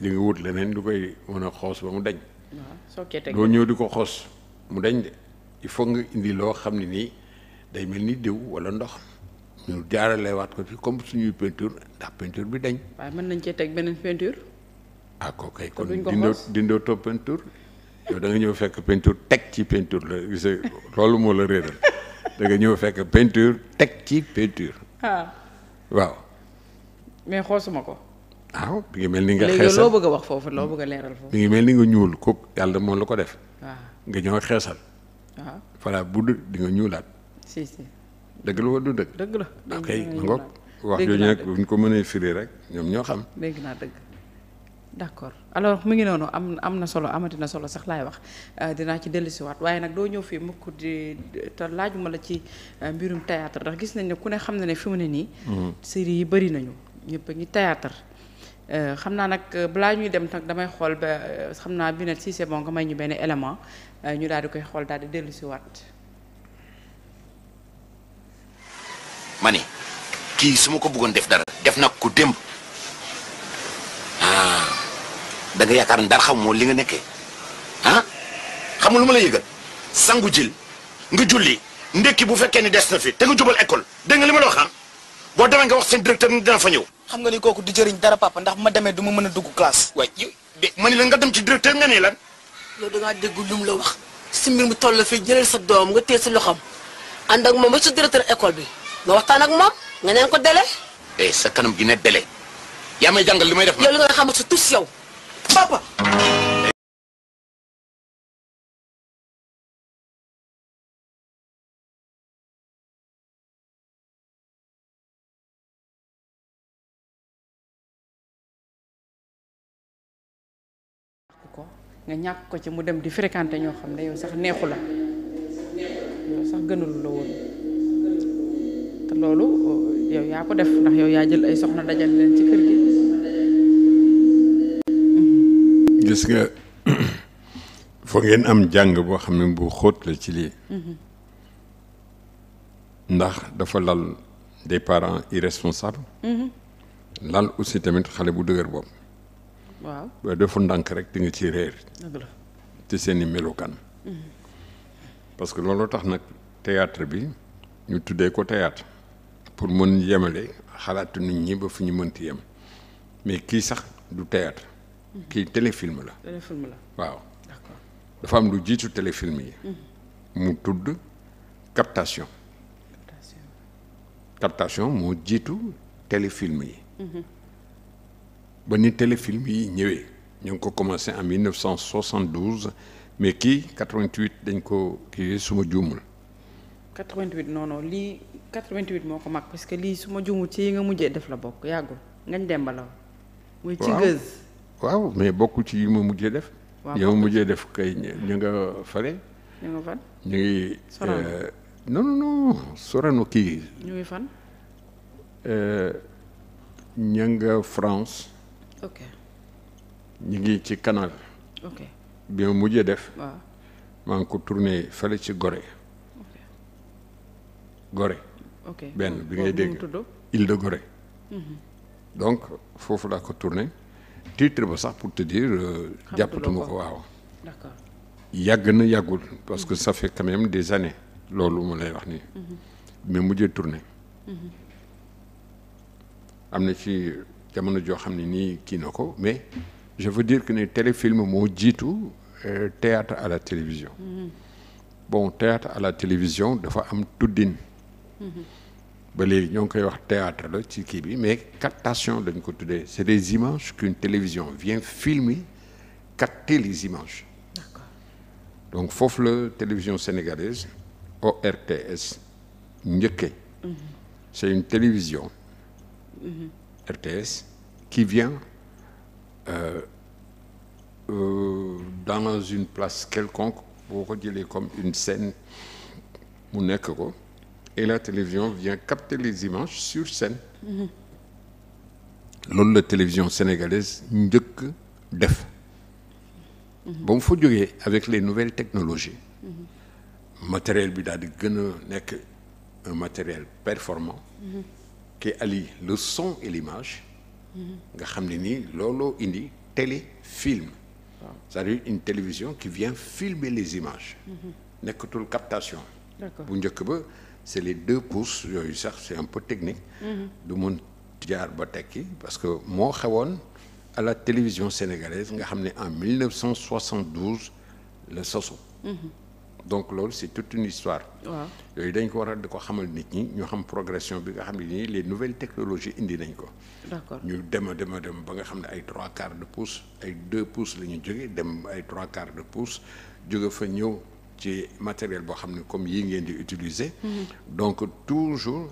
li nga wut leneen lu koy mën a xoos ba mu dañ. doo ñëw di ko xoos mu dañ de il faut nga indi loo xam ne nii day mel ni diw wala ndox. ñu jaarale waat ko fi comme suñuy peinture ndax peinture bi dañ. waaye mën nañ cee teg beneen peinture. ah ko kon dindoo dindoo toog peinture. yow da ñëw fekk peinture teg ci peinture la gis loolu moo la réeral da ñëw fekk peinture teg ci peinture. Ah. waaw. mais xoosuma ko. waaw mi mel ni nga. xeesal loo bëgg a wax foofu loo bëgg a leeral foofu. mi ngi mel ni nga ñuul kooku yàlla moom la ko def. waaw nga ñëw xeesal. waaw voilà budd di nga ñuulaat. dëgg la wala du dëgg. dëgg la ok ah, ko mënee firi rek ñoom ñoo xam. dégg naa dëgg. d'accord alors mu ngi noonu am am na solo amati na solo sax laay wax euh, dinaa ci dellusiwaat waaye nag doo ñëw fii mukk di te laajuma la ci euh, mbirum théâtre ndax gis nañ ne ku ne xam na ne fi mu ne nii. Mm-hmm. série yi bëri nañu. ñëpp a ngi théâtre euh, xam naa nag euh, balaa ñuy dem nag damay xool ba euh, xam naa bi ne si c'est nga may ñu benn élément ñu daal di koy xool daal di dellu si waat ma ne kii su ma ko buggoon def dara def nag ku démb ah yaakaar ne dara xam moo li nga nekkee ah xam nga lu ma la yëgal sangu jil nga julli ndekki bu fekkee ni des na fi te nga jubal école dégg li ma la wax ah? boo demee nga wax seen directeur ni dina fa ñëw xam nga ni kooku du jëriñ dara papa ndax bu ma demee du ma mën a dugg classe waay ma ni la nga dem ci directeur nga nii lan loolu dangaa dégg lu la wax si mbir mu toll fii jëlee sa doom nga téye si loxam ànd ak moom ba sa directeur école bi nga waxtaan ak moom nga neen ko délai eh sa kanam ji ne dele yaa may jàngal li may def yow li nga xam sa tus yow papa nga ñàkk ko ci mu dem di fréquenter ñoo xam ne yow sax neexu la yow sax gënul la woon loolu uh, yow yaa ko def ndax yaa jël ay soxna dajal leen ci kër gi. Mm-hmm. gis nga foo ngeen am jàng boo xam ne bu xóot la ci lii. Mm-hmm. ndax dafa lal des parents mm-hmm. lal aussi tamit xale bu dëgër bopp. waaw boo defu ndànk rek di nga ci réer ci seen i melokaan mm-hmm. parce que loolu tax nag théâtre bi ñu tuddee ko théâtre pour mën yemale xalaatu nit ñi ba fu ñu mënti yem mais kii sax du théâtre mm-hmm. kii téléfilm la téléfilm waaw dafa am lu jiitu téléfilm yi mm-hmm. mu tudd captation captation moo jiitu téléfilm yi ba ni téléfilm yi ñëwee ñu ngi ko commencé en 1972 mais kii 88 dañ ko kii suma juumul. 88 non non lii 88 moo ko mag parce que lii suma juumul ci yi nga mujjee def la bokk yàggul ngañ demba la muy ci gëz waaw mais bokkul ci yi ma mujjee def. waaw yow mujjee def kay ñu nga fale ñu nga fan ñu ngi. Sorano euh, non non non Sorano kii. ñu ngi fan. Euh, ña France. ok ngi ci canal. bi ma mujjee def. waaw maa ngi ko tourné fële ci gore Gorée. benn bi ngay dégg île de Gorée. Mhm. donc foofu laa ko tourné titre ba sax pour te dire. Euh, jàppatuma ko waaw. yàgg na yàggul parce que mhm. ça fait quand des années. loolu mu lay wax nii. Mhm. mais mujjee tourné. am na ci. jamono joo xam ne nii kii na ko mais je veux dire que ni téléfilm moo jiitu euh, théâtre à la télévision mm-hmm. bon théâtre à la télévision dafa am tuddin mm-hmm. ba léegi ñoo ngi koy wax théâtre la ci kii bi mais captation dañ ko tuddee c'est des images qu'une télévision vient filmer capter les images donc foofu la télévision sénégalaise ORTS njëkkee mm-hmm. c'est une télévision RTS qui vient euh, euh, dans une place quelconque boo ko jëlee comme une scène mu nekk ko et la télévision vient capter les images sur scène mm-hmm. loolu la télévision sénégalaise njëkk def mm-hmm. ba mu fa jógee avec les nouvelles technologies mm-hmm. matériel bi daal di gën a nekk un matériel performant qui allie le son et l'image nga xam ne nii looloo indi téléfilm c'est-à-dire une télévision qui vient filmer les images mhm. nekkatul captation bu njëkk ba c'est les deux pouces yooyu sax c'est un peu technique mhm. du mun jaar tekki parce que moo xewoon à la télévision sénégalaise nga xam ne en 1972 la sosu donc loolu c'est toute une histoire. waaw yooyu dañ ko war a di ko xamal nit ñi ñu xam progression bi nga xam ne nii les nouvelles technologies indi nañ ko. d'accord ñu dem a dem a dem ba nga xam ne ay trois quarts de pouce ay deux pouces la ñu jógee dem ay trois quarts de pouce jóge fa ñëw ci matériel boo xam ne comme yii ngeen di utiliser. Mm-hmm. donc toujours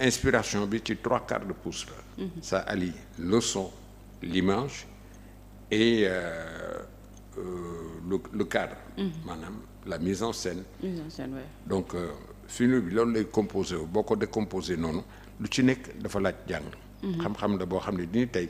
inspiration bi ci trois quarts de pouce la. Mm-hmm. ça allie le son l'image et euh, euh cadre. Mm-hmm. maanaam. la mise en scène. mise donc euh, film loolu lay composé wu boo ko décomposé noonu lu ci nekk dafa laaj jàng. Mhm. xam-xam la boo xam ne nii tey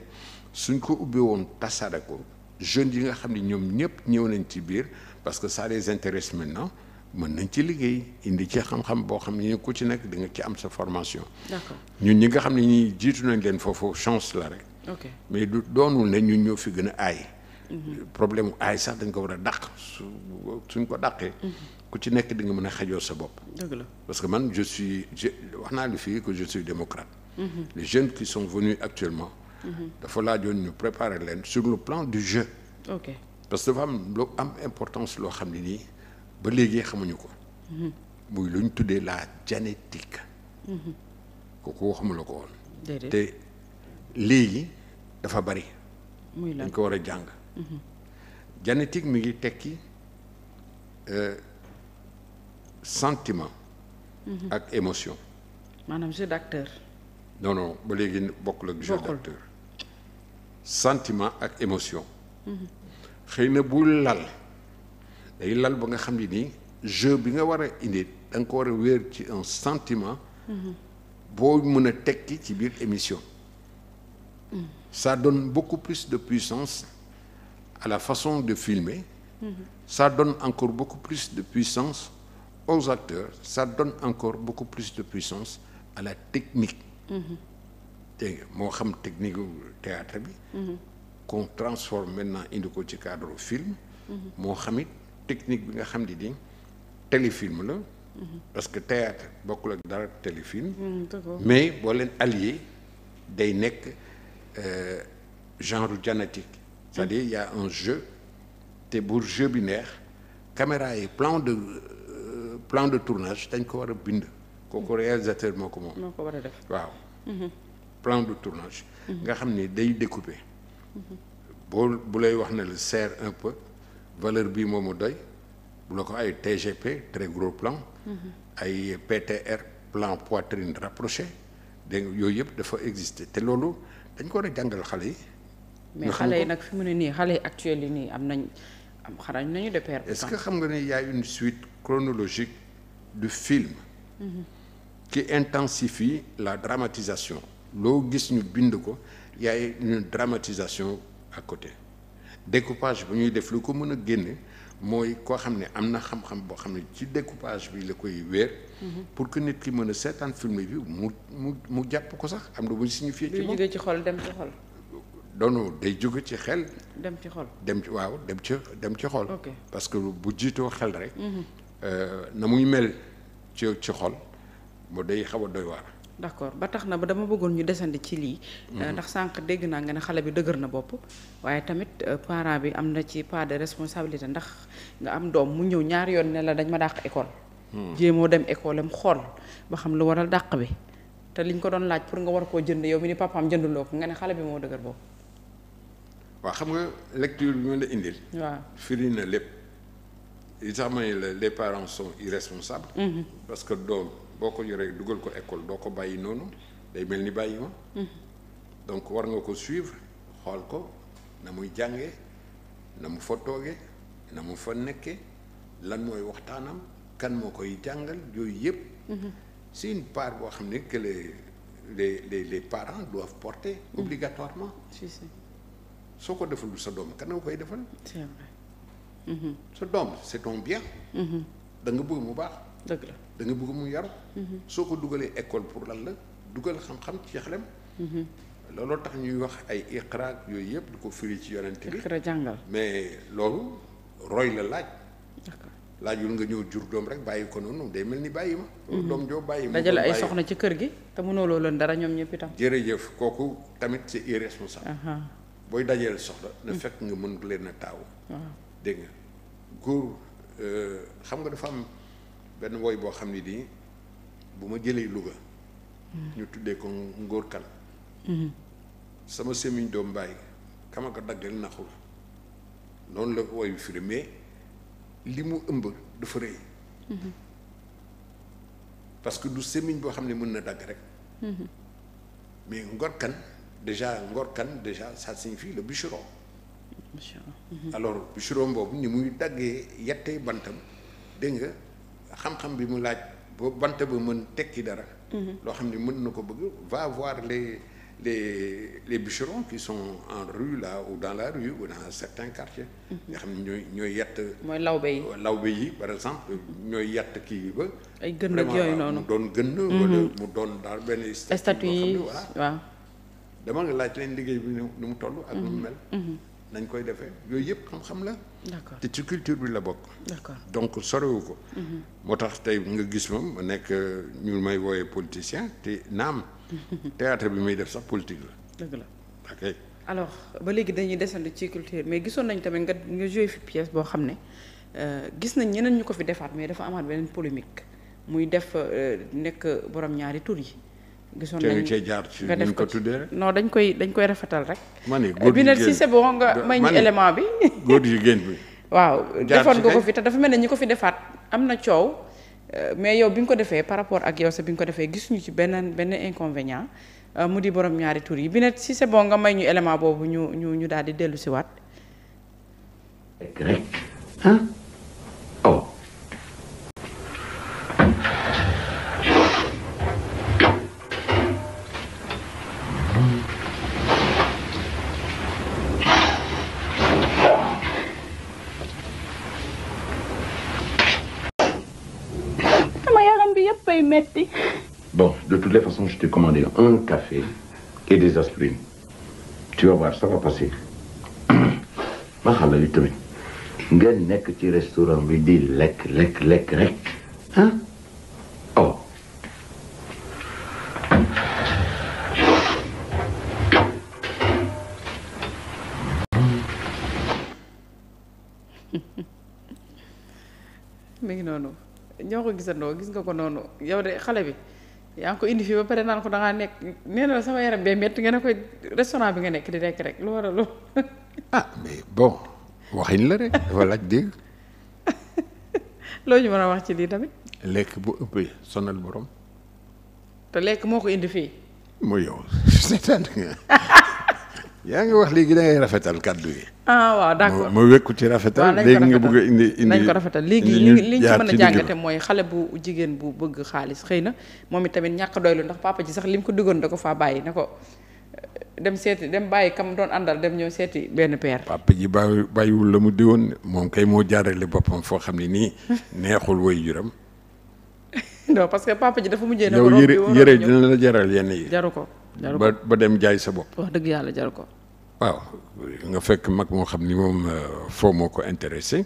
suñ ko ubbee woon tasaare ko jeunes yi nga xam ne ñoom ñëpp ñëw nañ ci biir parce que ça les intéresse maintenant mën nañ ci liggéey indi ci xam-xam boo xam ne ko ci nekk di ci am sa formation. d'accord ñun ñi nga xam ne ñii jiitu nañ leen foofu chance la rek. ok mais du doonul ne ñun ñoo fi gën a aay. problème mu sax dañ ko war a dàq su suñ ko dàqee. ku ci nekk di nga mën a xajoo sa bopp. dëgg la parce que man je je wax naa lu fii que je suis démocrate. Mhm. les jeunes qui sont venus actuellement. Mhm. dafa laajoon ñu préparer leen su le plan du jeu. parce que dafa am loo am importance loo xam ne nii ba léegi xamuñu ko. Mhm. muy lu ñu tuddee la génétique. kooku waxuma la ko woon. te léegi dafa bari. muy lan dañ ko war a jàng. Mhm. génétique mi ngi tekki euh, sentiment. Mhm. ak émotion. maanaam jeu d'acteur. non non ba léegi bokkul ak jeu d'acteur. sentiment ak émotion. Mhm. xëy na bu lal day lal ba nga xam ni nii jeu bi nga war a indi da ko war a wéer ci un sentiment. boo mën a tekki ci biir émission. sa mm. donne beaucoup plus de puissance. à la façon de filmer, mmh. ça encore beaucoup plus de puissance aux acteurs, ça donne encore beaucoup plus de puissance à la technique. moo xam technique théâtre bi. qu'on transforme maintenant indi ko ci cadre film. moo xam technique bi nga xam ne di téléfilm la. parce que théâtre bokkul ak dara téléfilm. Mm, mais boo leen allié day nekk euh, genre dramatique. ca à dire y un jeu te bu jeu bi neex caméra yi plan de euh, plan de tournage dañ ko war a bind kooku réalisateur moo ko moom moo ko war a def waaw mhm. plan de tournage mhm. nga xam ni day découper mhm. boo bu lay wax na la serre un peu valeur bii moom ma doy bu la ko ay TGP très gros plan ay PTR plan poitrine rapproché yooyu yëpp dafa exister te loolu dañ ko war a jàngal xale yi mais xale yi nag fi mu ne nii xale yi actuel yi nii am nañ am xarañ nañu de père. est-ce xam nga ne y a une suite chronologique du film. Mm -hmm. qui intensifie la dramatisation. loo gis ñu bind ko y a une dramatisation à côté découpage bu ñuy def lu ko mën a génne mooy koo xam ne am na xam-xam boo xam ne ci découpage bi la koy wéer. Mhm. pour que nit ki mën a seetaan film bi mu mu mu jàpp ko sax am na bu ñu signifié. ci moom ci xol dem ci xol. doonu day jóge ci xel. dem ci xol dem ci waaw dem ci dem ci xol. parce que bu jiitoo xel rek. Mhm. Euh, na muy mel ci ci xol mu day xaw a doy waar. d'accord ba tax na ba dama bëggoon ñu desandi ci lii. Euh, mhm. ndax sànq dégg naa nga ne xale bi dëgër na bopp. waaye tamit euh, parent bi am na ci part de responsabilité ndax nga am doom mu ñëw ñaari yoon ne la dañ ma dàq école. Hmm. jéemoo dem école am xool ba xam lu waral dàq bi. te liñ ko doon laaj pour nga war koo jënd yow mi ni papaam jënduloo ko nga ne xale bi moo dëgër bopp. waaw xam nga lecture bi ma la indil. waaw firi na lépp. li tax ma ne la les parents sont irresponsables. Mhm. parce que doom boo ko yoree dugal ko école doo ko bàyyi noonu day mel ni bàyyi ma. Mhm. donc war nga ko suivre xool ko na muy jàngee na mu fa toogee na mu fa nekkee lan mooy waxtaanam kan moo koy jàngal yooyu yëpp. Mhm. c'est une part boo xam ne que les les les parents doivent porter obligatoirement. soo ko defalul sa doom kan koy defal. c'est vrai. Mm-hmm. sa doom c'est ton bien. Mm-hmm. da nga bëgg mu baax. dëgg la da nga bëgg mu yaru. Mm-hmm. soo ko dugalee école pour lan la dugal xam-xam ci xelam. looloo tax ñuy wax ay iqra yooyu yëpp du ko firi ci yonent bi. jàngal mais loolu roy la laaj. laajul nga ñëw jur doom rek bàyyi ko noonu day mel ni bàyyi ma. doom joo bàyyi ma dajale ay soxna ci kër gi te mënoo lool leen dara ñoom ñëpp itam. jërëjëf kooku tamit c'est irresponsable. booy dajeel soxla. na fekk nga mën leen a taaw. dégg nga góor euh, xam nga dafa am benn woy boo xam ne nii bu ma jëlee Louga. ñu tuddee ko ngóor kan. sama semiñ doom bàyyi kama ko daggal naxul noonu la woy bi firi li mu ëmb dafa rëy. parce que du semiñ boo xam ne mën na dagg rek. Mhm. mais ngóor kan. déjà ngorkan déjà ça signifie le bûcheron. bûcheron. Mhm. alors bûcheron boobu ni muy daggee yettee bantam dégg nga xam-xam bi mu laaj ba bant ba mën tekki dara. Mhm. loo xam ne mën na ko bëgg va voir les les les bûcherons qui sont en rue là ou dans la rue ou dans certains quartiers. Mhm. nga xam ne ñooy ñooy yett. mooy lawbe yi euh, lawbe yi par exemple ñooy yett kii ba. ay gën ak yooyu noonu vraiment mu doon gën. mu doon daal benn. statut yi waaw. dama nga laaj leen liggéey bi nu mu toll ak nu mu mhm, mel mhm. nañ koy defee yooyu yëpp xam-xam la te ci culture bi la bokk donc sorewu ko mhm. moo tax tey nga gis ma ma nekk ñu may wooyee politicien te naam théâtre bi muy def sax politique la dëgg la ok alors ba léegi dañuy desandi ci culture mais gisoon nañ tamit nga nga joué fi pièce boo xam ne euh, gis nañ ñeneen ñu ko fi defaat mais dafa amaat beneen polémique muy def euh, nekk borom ñaari tur yi gisoon nañu nga cee jaar ci ñu ko tuddee rek non dañ koy dañ koy rafetal rek. ma bi nag si bon nga may ñu élément bi. góor jigéen bi. waaw defoon nga ko fi te dafa mel ne ñi ko fi defaat am na coow. Euh, mais yow bi nga ko defee par rapport ak yow sa bi nga ko defee gisuñu ci benn benn inconvénient euh, mu di borom ñaari tur yi bi ne si c'est nga may ñu élément boobu ñu ñu ñu daal di dellu si waat. façon, je t'ai commandé un café et des aspirines. Tu vas voir, va passer. ma xala yu tamit nga nekk ci restaurant bi di lekk lekk lekk rek oh mi ngi noonu ñoo ko gisandoo gis nga ko noonu yow de xale bi yaa ngi ko indi fii ba pare naan ko da nekk nee na la sama yaram bee métti nga ne ko restaurant bi nga nekk di nekk rek lu war a lu. ah mais bon waxiñ la rek dafa laaj dégg. loo ñu mën a wax ci lii tamit. lekk bu ëppee sonal borom. te lekk moo ko indi fii. mu yow seetaan nga. yaa ngi wax léegi da rafetal kàddu yi. ah waaw d'accord ma wékku ci rafetal. léegi nga bëgg a indi indi nañ ko rafetal léegi li li ñu ci mën mooy xale bu jigéen bu bëgg xaalis xëy na moom itamit ñàkk doylu ndax papa ji sax li mu ko duggoon da ko faa bàyyi na ko eh, dem seeti dem bàyyi kam doon àndal dem ñëw seeti benn peer. papa ji bàyyi bàyyiwul la mu di woon moom kay moo jaarale boppam foo xam ne nii neexul woy juram. non parce que papa ji dafa mujjee. na ko yére yére dina la jaral yenn yi jaru ko ba ba dem jaay sa bopp. wax dëgg yàlla jar ko. waaw nga fekk mag moo xam ni moom euh, foo moo ko intéressé.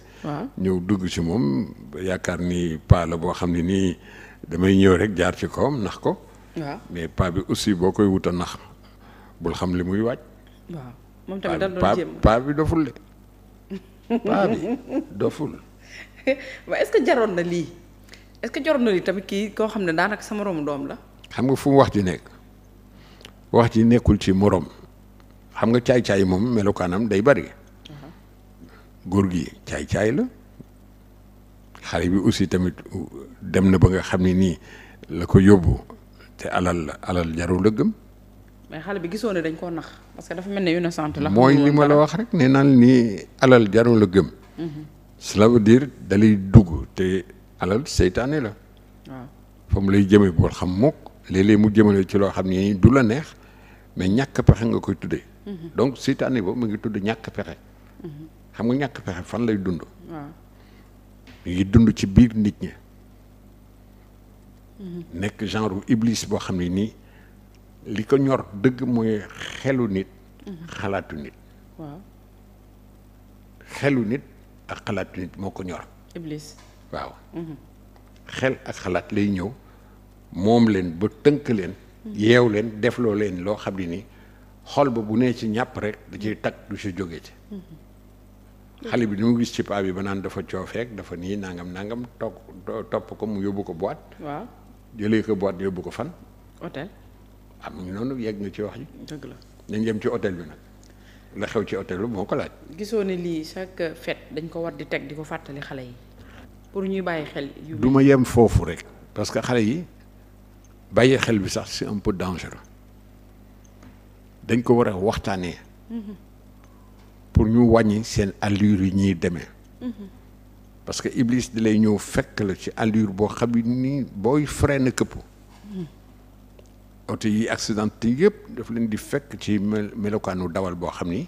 ñëw dugg ci moom ba yaakaar ni paa la boo xam ne nii damay ñëw rek jaar ci kawam nax ko. mais paa bi aussi boo koy wuta nax bul xam li muy waaj. waaw bi doful de. paa bi doful. waaw est que jaroon na lii est que jaroon na lii tamit kii koo xam ne daanaka sama moromu doom la. xam nga fu mu wax ji nekk. wax ji nekkul ci morom xam nga caay-caay moom melokaanam day bari góor gi caay-caay la xale bi aussi tamit dem na ba nga xam ni nii la ko yóbbu te alal alal jarul la gëm xale bi gisoo ne dañ koo nax parce que dafa mel ne innocente la. mooy li ma la wax rek nee naan nii alal jarul la gëm. Mhm. cela veut dire dalay dugg te alal seytaane la. waaw fa mu lay jëme bool xam mook léeg mu jëmale ci loo xam ne du la neex mais ñàkk pexe nga koy tuddee. Mhm. donc seytaane boobu mu ngi tudd ñàkk pexe. Mhm. xam nga ñàkk pexe fan lay dund. waaw mu ngi dund ci biir nit ñi. Mhm. nekk genre iblis boo xam ne nii li ko ñor dëgg mooy xelu nit. xalaatu nit. xelu nit ak xalaatu nit moo ko ñor. iblis waaw. xel ak xalaat lay ñëw moom leen ba tënk leen. yeew leen defloo leen loo xam ne nii xol ba bu nee ci ñàpp rek da ciy tag du si jóge ci xale bi ni mu gis ci paa bi ba naan dafa coofeek dafa nii nangam nangam toog topp ko mu yóbbu ko boîte. waaw jëlee ko boîte yóbbu ko fan. hôtel. am ah, ñu noonu yegg nga ci wax ji. dañ dem ci hôtel bi nag. la xew ci hôtel bi moo ko laaj. gisoo ne lii chaque fête dañ ko war di teg di ko fàttali xale yi pour ñuy bàyyi xel. yu du ma yem foofu rek parce que xale yi. bàyyi xel bi sax c'est un peu dangereux dañ ko war a waxtaanee pour ñu wàññi seen allure yi ñuy demee parce que Iblis di lay ñëw fekk la ci allure boo xam ni booy frein këpp oto yi accidenté yëpp daf leen di fekk ci melokaanu dawal boo xam ni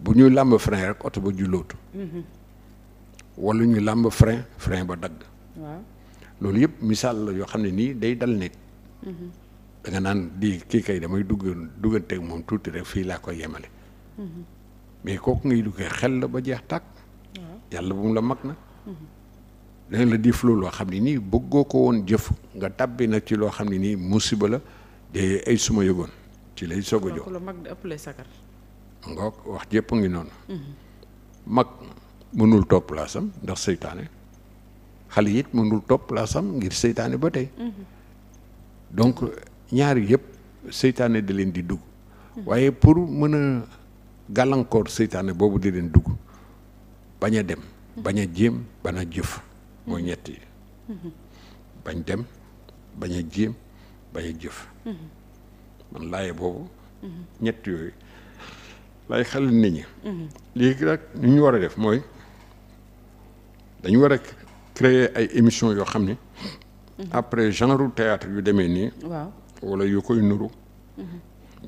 bu ñu làmb frein rek oto ba jullootu mhm. wala ñu làmb frein frein ba dagg loolu yëpp misaal la yoo xam ne nii day dal nit mhm. danga naan di kii kay damay dugg dugganteeg moom tuuti rek fii laa ko yemale mhm. mais kooku nga ngay duggee xel la ba jeex tàkk yàlla bu mu la mag na mhm. dana la diif loolu loo xam ne nii bëggoo ko woon jëf nga tàbbi nag ci loo xam ne nii musiba la de ay suma yëgoon ci lay soog a jox la mag di ëpp lay sakar wax jëpp ngi noonu mag mënul topp place am ndax seytaane xale it mënul topp sam ngir seytaane ba tey mhm. donc ñaar yëpp seytaane di leen di dugg waaye pour mën a gàllankoor seytaane boobu di leen dugg bañ a dem mhm. bañ a jéem bañ a jëf mooy mhm. ñett yi bañ dem bañ a jéem bañ a jëf man laaye boobu ñett yooyu laay xale nit ñi léegi nag ñu ñu war a def mooy dañu war a créer ay émission yoo xam ni après genre théâtre yu demee nii waaw wala yu koy nuru mhm.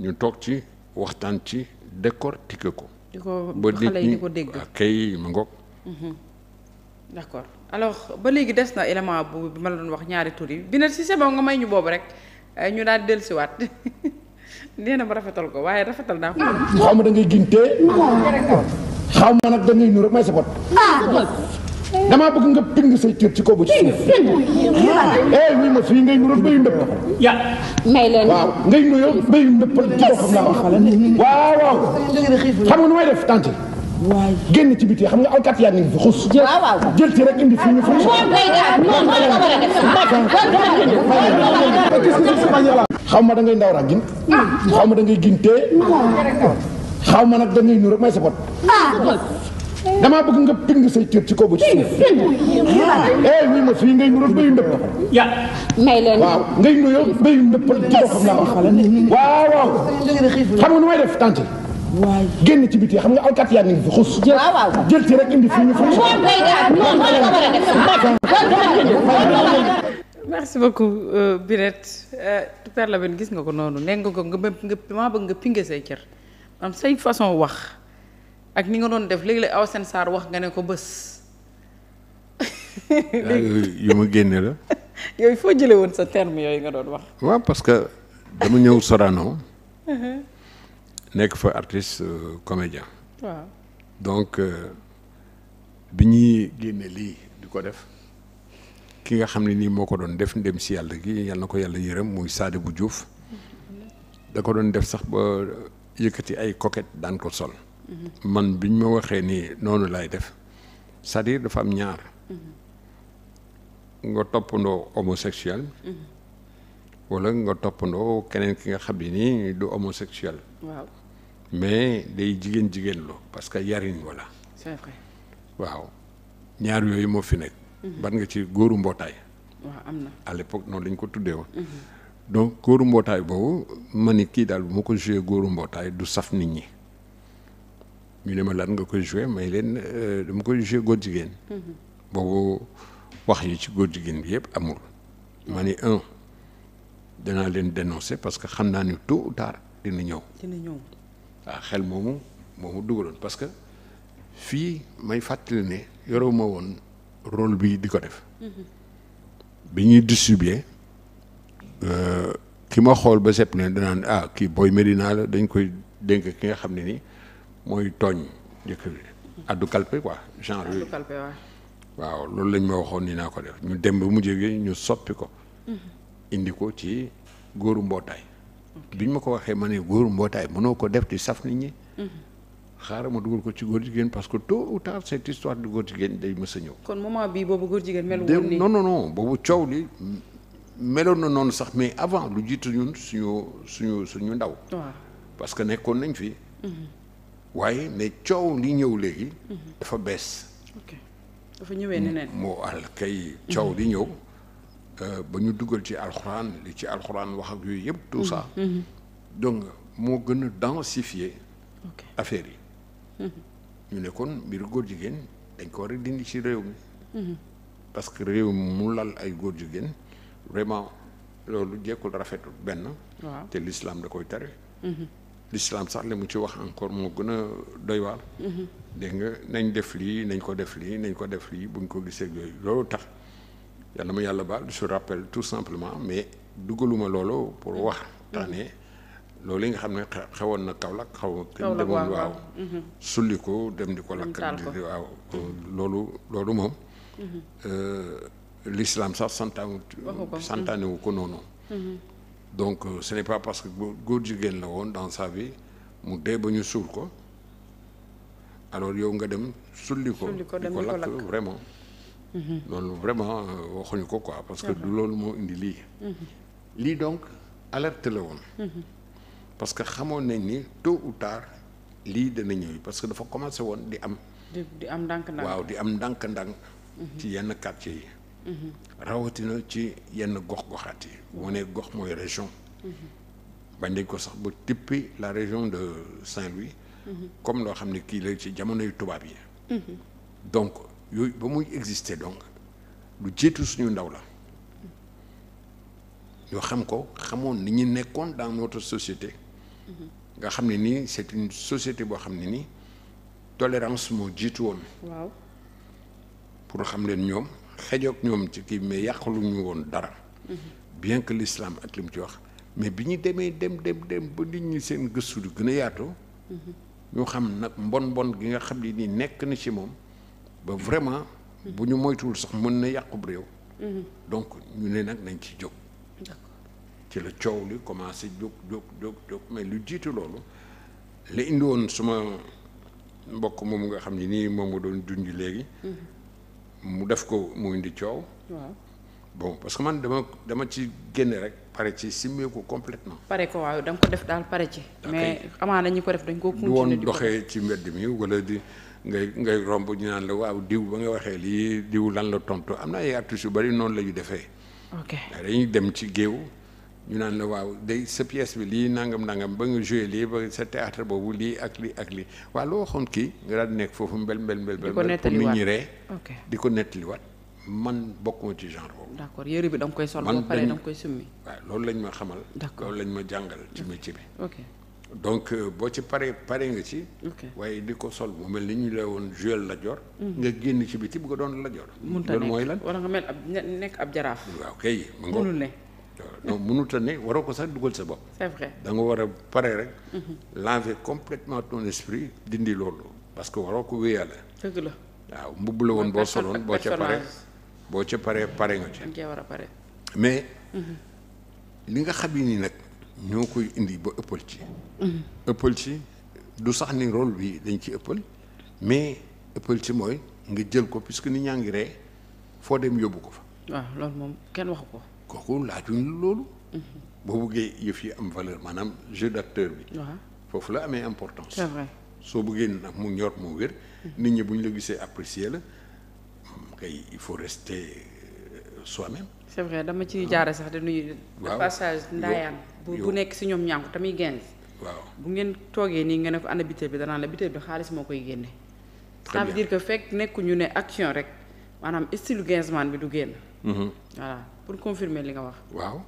ñu toog ci waxtaan ci décortiquer ko ba xale yi di ko dégg kay ma ngoog mhm. d'accord alors ba léegi des na élément bu bi ma la doon wax ñaari tur yi bi na si sebon nga may ñu boobu rek eh, ñu daal dellusiwaat nee na ma rafetal ko waaye rafetal naa ko xaw ma da ngay gintee xaw ma nag da nuru may sa damaa bëgg nga ping say cër ci kaw ba ci suuf. Ah. eh wuy ma fii ngay nuróo béyu ndëpp. ya may leen waaw ngay nuyoo ci boppam waaw waaw xam nga nu may def tànte. ci biti xam nga alkaati yaa ngi fi xus. waaw waaw jël ci rek indi fii ñu. xaw ma da ngay ndaw ràggin. Ah. xaw ma da ngay gintee. xaw ma nag da ngay nuróo may sa dama bëgg nga ping say ci kaw ba ci suuf. Ah, eh wuy fii ngay nuróo béyu ndëpp. ya waaw ngay nuyoo béyu ndëpp ci doxam laa wax. waaw waaw xam nga nu may def tànc. waay ci biti xam nga alkaati yaa ngi fi xus. waaw rek indi fii ñu fukki. merci beaucoup euh, Binette euh, gis nga ko noonu nee nga ko nga maa bëgg nga pinge say am say façon wax. ak ni nga doon def léegi la aw seen wax nga ne ko bés. Ah, yu ma génne la. yooyu foo jëlee woon sa terme yooyu nga doon wax. waa parce que dama ñëw Sorano. Uh-huh. nekk fa artiste euh, comédien. waaw donc euh, bi ñuy génne lii di ko def ki nga xam ne nii moo ko doon def ndem si yàlla gi yàlla na ko yàlla yërëm muy bu juuf mm-hmm. da ko doon def sax ba euh, yëkkati ay coquette daan ko sol. man biñ ma waxee nii noonu laay def cest à dafa am ñaar nga toppandoo homosexuel wala nga toppandoo keneen ki nga xam ne nii du homosexuel waaw mais day jigéen jigéen lo parce que yariñ wala c'est waaw ñaar yooyu moo fi nekk mhm. ban nga ci góoru mbootaay waaw am na à l'époque noonu lañ ko tuddee woon mhm. donc góoru mbootaay boobu ma ni kii daal bu ma ko joué góoru mbootaay du saf nit ñi ñu ne ma lan nga koy joué may leen euh, dama koy joué góor jigéen. Mm-hmm. boobu wax yi ci góor jigéen bi yëpp amul. ma ni un danaa leen dénoncer parce que xam naa ni tôt ou tard dina ñëw. dina xel moomu moomu dugaloon parce que fii may fàttali ne yoroo woon role bi di ko def. Mm-hmm. bi ñuy distribuer euh, ki ma xool ba sepp ne danaan ah kii Boy Médina la dañ koy dénk ki nga xam ne nii. mooy tooñ njëkk bi addu calpe quoi genre yooyu waaw loolu lañ ma waxoon ni naa ko def ñu dem ba mujj gi ñu soppi ko mhm. indi ko ci góoru mbootaay bi ñu ma ko waxee ma ne góoru mbootaay mënoo ko def di saf nit ñi mhm. xaaral ma dugal ko ci góor jigéen parce que tôt ou tard cette histoire du góor jigéen day mës a ñëw. kon moment bii boobu góor jigéen melu woon nii non non non boobu li meloon na noonu sax mais avant lu jiitu ñun suñu suñu ñu ndaw. waaw parce que nekkoon nañ fi. Mhm. waaye mais coow li ñëw léegi. dafa bees. ok dafa ñëwee neneen. moo àll kay coow li ñëw euh, ba ñu dugal ci alxuraan li ci alxuraan wax ak yooyu yëpp. tout ça mm-hmm. Mm-hmm. donc moo gën a densifier. affaire yi. Mm-hmm. ñu ne kon mbir góor jigéen dañ ko war dindi ci réew mi. parce que réew mu lal ay góor jigéen vraiment loolu jekkul rafetul benn. te l'islam da koy tere. l'islam sax li mu ci wax encore moo gën a doy waar. dégg nga nañ def lii nañ ko def lii nañ ko def lii buñ ko gisee yooyu loolu tax yàlla ma yàlla baal je rappelle tout simplement mais dugaluma loolu pour mm-hmm. wax mm-hmm. tax ne loolu yi nga xam ne xewoon na kaw Kaolack xaw a demoon waaw mm-hmm. sulli ko dem di ko lakk di waaw loolu loolu moom euh, l'islam sax santaanu santaane wu ko noonu donc euh, ce n'est pas parce que góor jigéen la woon dans sa vie mu dee ba ñu suul ko alors yow nga dem sulli ko di ko lakk vraiment mhm. loolu vraiment euh, waxuñu ko quoi parce que du loolu moo indi lii mhm. lii donc alerte la woon mhm. parce que xamoon nañ ni tôt ou lii dana ñëw parce que dafa commencé woon di am di am ndànk ndànk waaw di am ndànk ci yenn quartier yi rawatina ci yenn gox-goxaat yi mu gox mooy région mhm. bañ dañ ko sax ba tippi la région de Saint-Louis mhm. comme loo xam ne kii la ci jamonoy tubaab yi mhm. donc yooyu ba muy exister donc lu jiitu suñu ndaw la ñu xam ko xamoon ni ñu nekkoon dans notre société nga xam ne nii c'est une société boo xam ne nii tolérance moo jiitu woon waaw pour xam leen ñoom xejoog ñoom ci kii mais yàqaluñu woon dara bien que l'islam ak li mu ci wax mais bi ñu demee dem dem dem ba nit ñi seen gëstu di gën a yaatu ñu xam nag mbon mbon gi nga xam ni nii nekk na ci moom ba vraiment bu ñu moytuwul sax mën na yàqub réew donc ñu ne nag nañ ci jóg ci la coow li commencé jóg jóg jóg jóg mais lu jiitu loolu la indi woon suma mbokk moom nga xam ni nii moom nga doon junj léegi mu def ko mu indi coow. waaw bon parce que man dama dama ci génne rek pare ci simmee ko complètement pare ko waaw da ko def daal pare ci. mais amaana ñi ko def dañ ko continuer di woon doxee ci mbedd mi wala di ngay ngay romb ñu naan la waaw diw ba nga waxee lii diw lan la tontu am na ay artistes yu bari noonu la ñu defee. ok dañuy dem ci géew. ñu naan la waaw day sa pièce bi lii nangam nangam ba nga joué lii ba sa théâtre boobu lii ak lii ak lii waaw loo waxoon kii nga daal di nekk foofu mbel mbel mbel mbel pour nit ñi ree di ko nettaliwaat man bokkuma ci genre boobu. d'accord yëre bi da nga koy sol ba pare da nga koy summi. waaw loolu lañ ma xamal. d'accord loolu lañ ma jàngal ci métier bi. ok donc euh, boo ci paree pare nga ci. waaye di ko sol mu mel ni ñu la woon joué la jor mm. nga génn ci biti bu ko doon la jor. loolu mooy lan mënut a nekk wala nga mel ab nekk ab jaraaf. waaw kay. mënul ne donc mënut a ne waroo ko sax dugal sa bopp. c'est da nga war a pare rek. Mhm. laver complètement ton dindi loolu parce que waroo ko wéyale. dëgg la waaw mbubb la woon boo soloon boo ca pare boo ca pare pare nga ci. mais. Mhm. li nga xam ni nag ñoo koy indi ba ëppal ci. Mhm. ëppal ci du sax ni role bi dañ ci ëppal mais ëppal ci mooy nga jël ko puisque ni ñaa ngi ree foo dem yóbbu ko fa. waaw loolu moom kenn waxu ko. kooku laajuñ loolu. boo buggee yëf yi am valeur maanaam jeu d'acteur bi. foofu la amee importance. c'est vrai soo buggee nag mu ñor mu wér. nit ñi bu ñu la gisee apprécier la mm, kay il faut rester euh, soi-même. c'est dama ci jaare sax di nuyu. waaw passage ndaayaan bu nekk si ñoom ñànku tamit génn. waaw bu ngeen toogee nii nga ne ko ana biteel bi danaa ne biteel bi xaalis moo koy génne. ça veut dire que fekk nekkuñu ne action rek maanaam style Gainsman bi du génn. Mhm. voilà pour confirmer li nga wax. waaw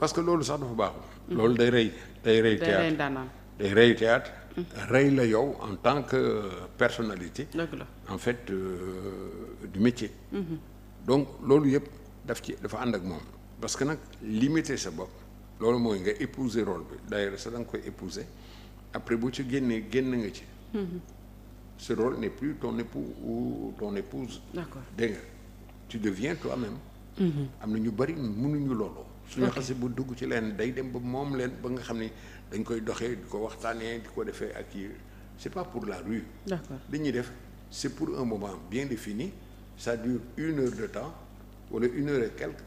parce que loolu sax dafa baaxul. loolu day rey day rey. day rey daanam day mhm. la yow en tant que personnalité. dëgg la en fait euh, du métier. Mhm. donc loolu yëpp daf ci dafa ànd ak moom. parce que nag limiter sa bopp loolu mooy nga épouser rôle bi d'ailleurs sax da nga koy épouser après bu ci génnee génn nga ci. ce rôle n'est plus ton époux ou ton épouse. d'accord tu deviens toi-même. Mm-hmm. am na ñu bëri mënuñu loolu. suñu xasee bu dugg ci leen day dem ba moom leen ba nga xam ne dañ koy doxee di ko waxtaanee di ko defee ak yi c'est la rue. d'accord dañuy def c'est pour un moment bien défini ça de temps wala une heure et quelque.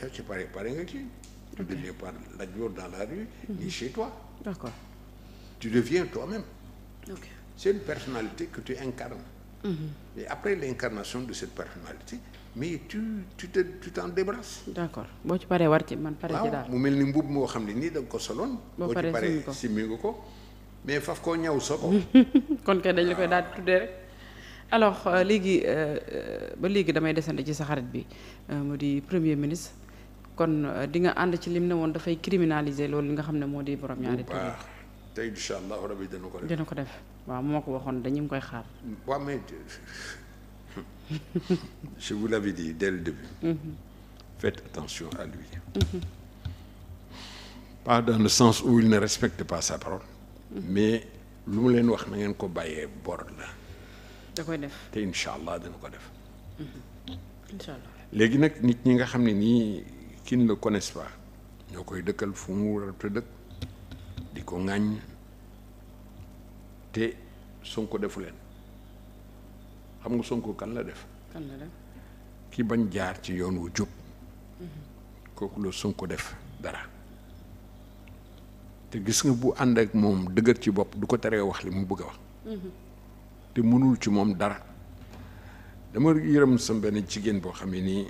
xew ci pare pare nga ci. tu deviens pas Lat Dior dans la rue. ni mm-hmm. chez toi. d'accord tu deviens toi-même. ok c'est une personnalité que tu incarnes. Mm-hmm. et après l'incarnation de cette personnalité. mais tu tu te tu t'en débarrasses. d'accord boo ci paree war ci man pare ci daal mu mel ni mbub moo xam ne nii da nga ko soloon. boo ci paree simmi nga ko mais faf koo ñaw so kon kay dañ la koy daal di tuddee rek. alors euh, léegi euh, euh, ba léegi damay desandi ci sa xarit bi mu di premier ministre kon di nga ànd ci lim ne woon dafay criminaliser loolu li nga xam ne moo di borom ñaari tur. Ah, tey incha allah rabi dana ko def dana ko def waaw moo ko waxoon dañu ngi koy xaar. waaw mais. je vous l'avais dit dès le début. Mm -hmm. faites attention à lui. Mm -hmm. pas dans le sens où il ne respecte pas sa parole. mais lu mu leen wax na ngeen ko bàyyee bor la. da koy def te incha allah dana ko def. Mm-hmm. incha allah léegi nag nit ñi nga xam ne nii kin ne le connaissent pas ñoo koy dëkkal fu mu war a dëkk di ko ŋàññ te ko defu leen. xam nga Sonko kan la def. kan la def ki bañ jaar ci yoon wu jub. Mhm. kooku la Sonko def dara. te gis nga bu ànd ak moom dëgër ci bopp du ko teree wax li mu bëgg a wax. Mhm. te mënul ci moom dara. dama yërëm sa benn jigéen boo xam ne nii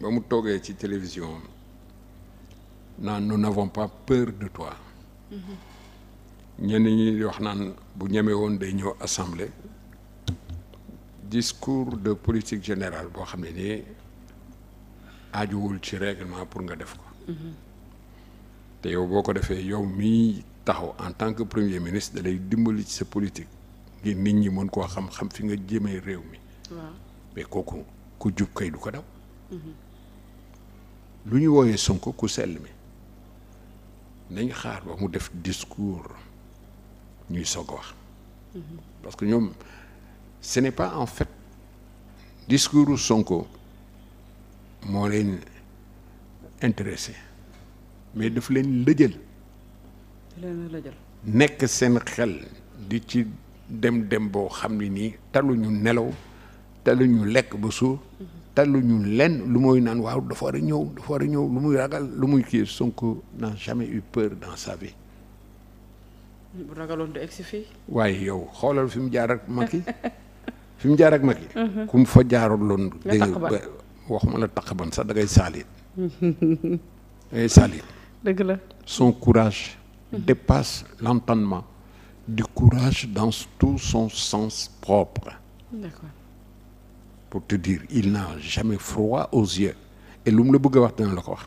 ba mu toogee ci télévision naan nous n'avons pas peur de toi. Mhm. ñenn ñi wax naan bu ñeme woon day ñëw assemblée. discours de politique générale boo xam ne nii aajuwul ci règlement pour nga def ko mm-hmm. te yow boo ko defee yow mii taxaw en tant que premier ministre da lay dimbali ci sa politique ngir nit ñi mën koo xam-xam fi nga jëmee réew mi waaw mais kooku ku jub kay du ko daw mm-hmm. lu ñu wooyee Sonko ku sell mi nañ xaar ba mu def discours ñuy soog wax mm-hmm. parce ñoom ce n'est pas en fait discours Sonko moo leen intéressé mais daf leen lëjal nekk seen xel di ci dem dem boo xam ne nii taluñu nelaw taluñu lekk ba suur mhm. taluñu lenn lu mooy naan waaw dafa war a ñëw dafa war a ñëw lu muy ragal lu muy kii sunk n'a jamais eu peur dans sa vie bu ragaloon waaye yow xoolal fi mu jaar ak Macky fi mu jaar ak mag yi. ku mu fa jaarul loon. dégg waxuma la taq ban sax da ngay saalit. da dëgg la son courage. Mhm. dépasse l'entendement du courage dans tout son sens propre. pour te dire il n'a jamais froid aux yeux et lu mu la bëgg a wax la ko wax.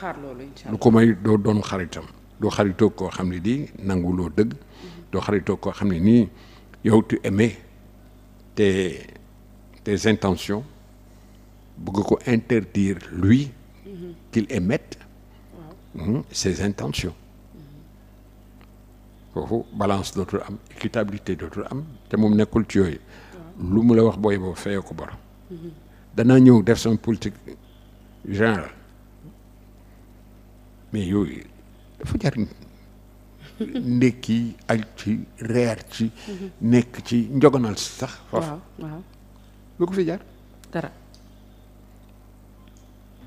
xaar loolu incha allah. lu ko may doo doon xaritam doo xaritoo koo xam ne nii nangu loo dëgg. Mhm. doo xaritoo koo xam ne nii. yow tu aimais te tes intentions bëgg ko interdire lui mhm. qu'il émette wow. Hmm, ses intentions mhm. foofu balance dootul am équitabilité dootul am te moom nekkul ci yooyu lu mu la wax booy boo feyee ko bor mhm. danaa ñëw def sama politique générale mais yooyu dafa ndékki añ ci reer ci nekk ci njogonal si sax foofu ko fi jar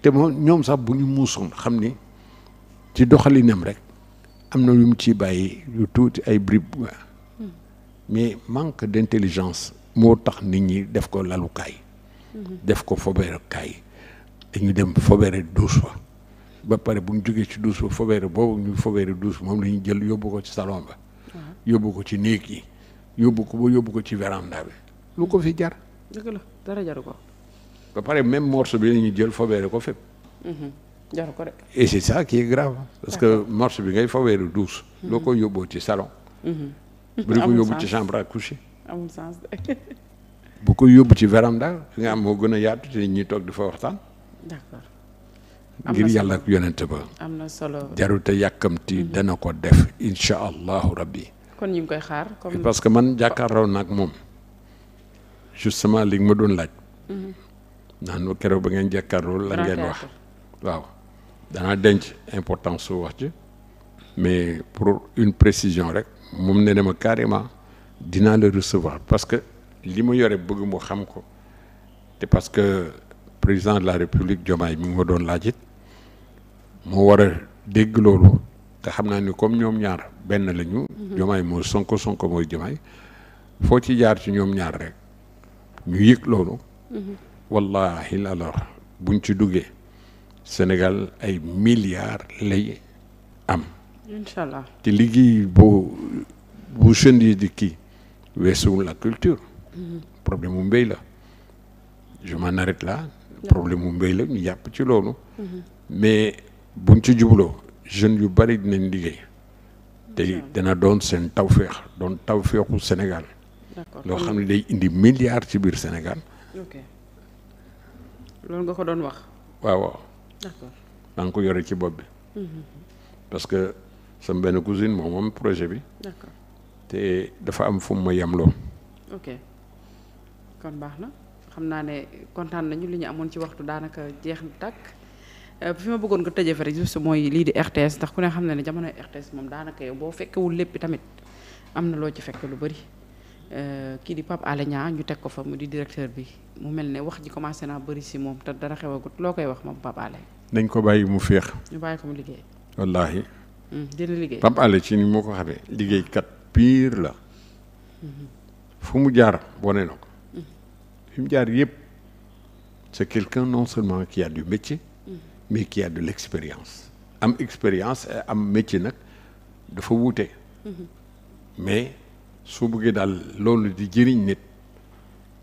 te moom ñoom sax bu ñu muusoon xam ni ci doxalinam rek am na lu mu ciy bàyyi lu tuuti ay bribes hmm. mais manque d'intelligence moo tax nit ñi def ko lalukaay hmm. def ko fobeerekaay dañu dem fobeere douche fa ba pare bu ñu jógee ci douche ba fobeere boobu ñu fobeere douche moom la ñu jël yóbbu ko ci salon ba. yóbbu ko ci néeg yi yóbbu ko ba yóbbu ko ci véranda bi lu ko fi jar. dëgg la dara jaru ko. même morceau bi la jël fobeere ko fépp. Mhm, jaru ko parce que morceau bi ngay fobeere douche. loo mhm. ko yóbboo ci salon. Mhm. bu ko yóbbu ci chambre à coucher. amul sens bu ko yóbbu ci veram véranda nga am moo gën a yaatu te ñi toog di fa waxtaan. ngir yàlla ak yonent ba am na solo jarul te yàkkamti mhm. dana ko def incha allahu rabbi kon ñu ngi koy xaar comme parce que man jàkkaarloo nag moom justement li ma doon laaj mhm. naan ma keroog ba ngeen jàkkaarloo la ngeen wax waaw danaa denc importance su wax ji mais pour une précision rek moom ne ne ma carrément dinaa la recevoir parce que li ma yore bëgg mu xam ko te parce que président de la république Diomaye mi ngi ma doon laajit moo war a dégg loolu te xam naa ni comme ñoom ñaar benn lañu. Mhm. Diomaye mooy Sonko Sonko mooy Diomaye foo ci jaar ci ñoom ñaar rek ñu yëg loolu. Mhm. wallahi alors buñ ci duggee Sénégal ay milliards lay am. incha allah te liggéey boo bu jeunes yi di kii weesuwul la culture. Mhm. problème mu mbéy la je m'en arrête problème mu mbéy la ñu jàpp ci loolu. mais buñ ci jubloo jeunes yu bari dinañ liggéey. te dana doon seen tawféex doon tawféexu Sénégal. loo xam ne mm. day indi milliards ci biir Sénégal. loolu nga ko doon wax. waaw waaw. d'accord ngi ko yore ci bopp bi. Mm-hmm. parce que sama benn cousine moom moom projet bi. te dafa am fu mu ma yemloo. ok baax na. xam naa ne kontaan nañu li ñu amoon ci waxtu daanaka jeex na tàkk euh, fi ma bëggoon nga tëjee fa rek juste mooy lii di RTS ndax ku ne xam na ne jamono RTS moom daanaka yow boo fekkewul léppi tamit am na loo ci fekk lu bëri euh, kii di Pape Alé Niang ñu teg ko fa mu di directeur bi mu mel ne wax ji commencé naa bëri si moom te dara xewagut loo koy wax moom Pape Alé. dañ ko bàyyi mu feex ñu bàyyi ko mu liggéey. wallaahi. Hmm, dina liggéey Pape Alé ci ni moo ko xamee liggéeykat pire la. Hmm, hmm. fu mu jaar bone fi mu jaar yëpp c'est quelqu'un non seulement qui a du métier mais qui a de l'expérience am expérience am métier nag dafa wuute mais su bëggee daal loolu di jëriñ nit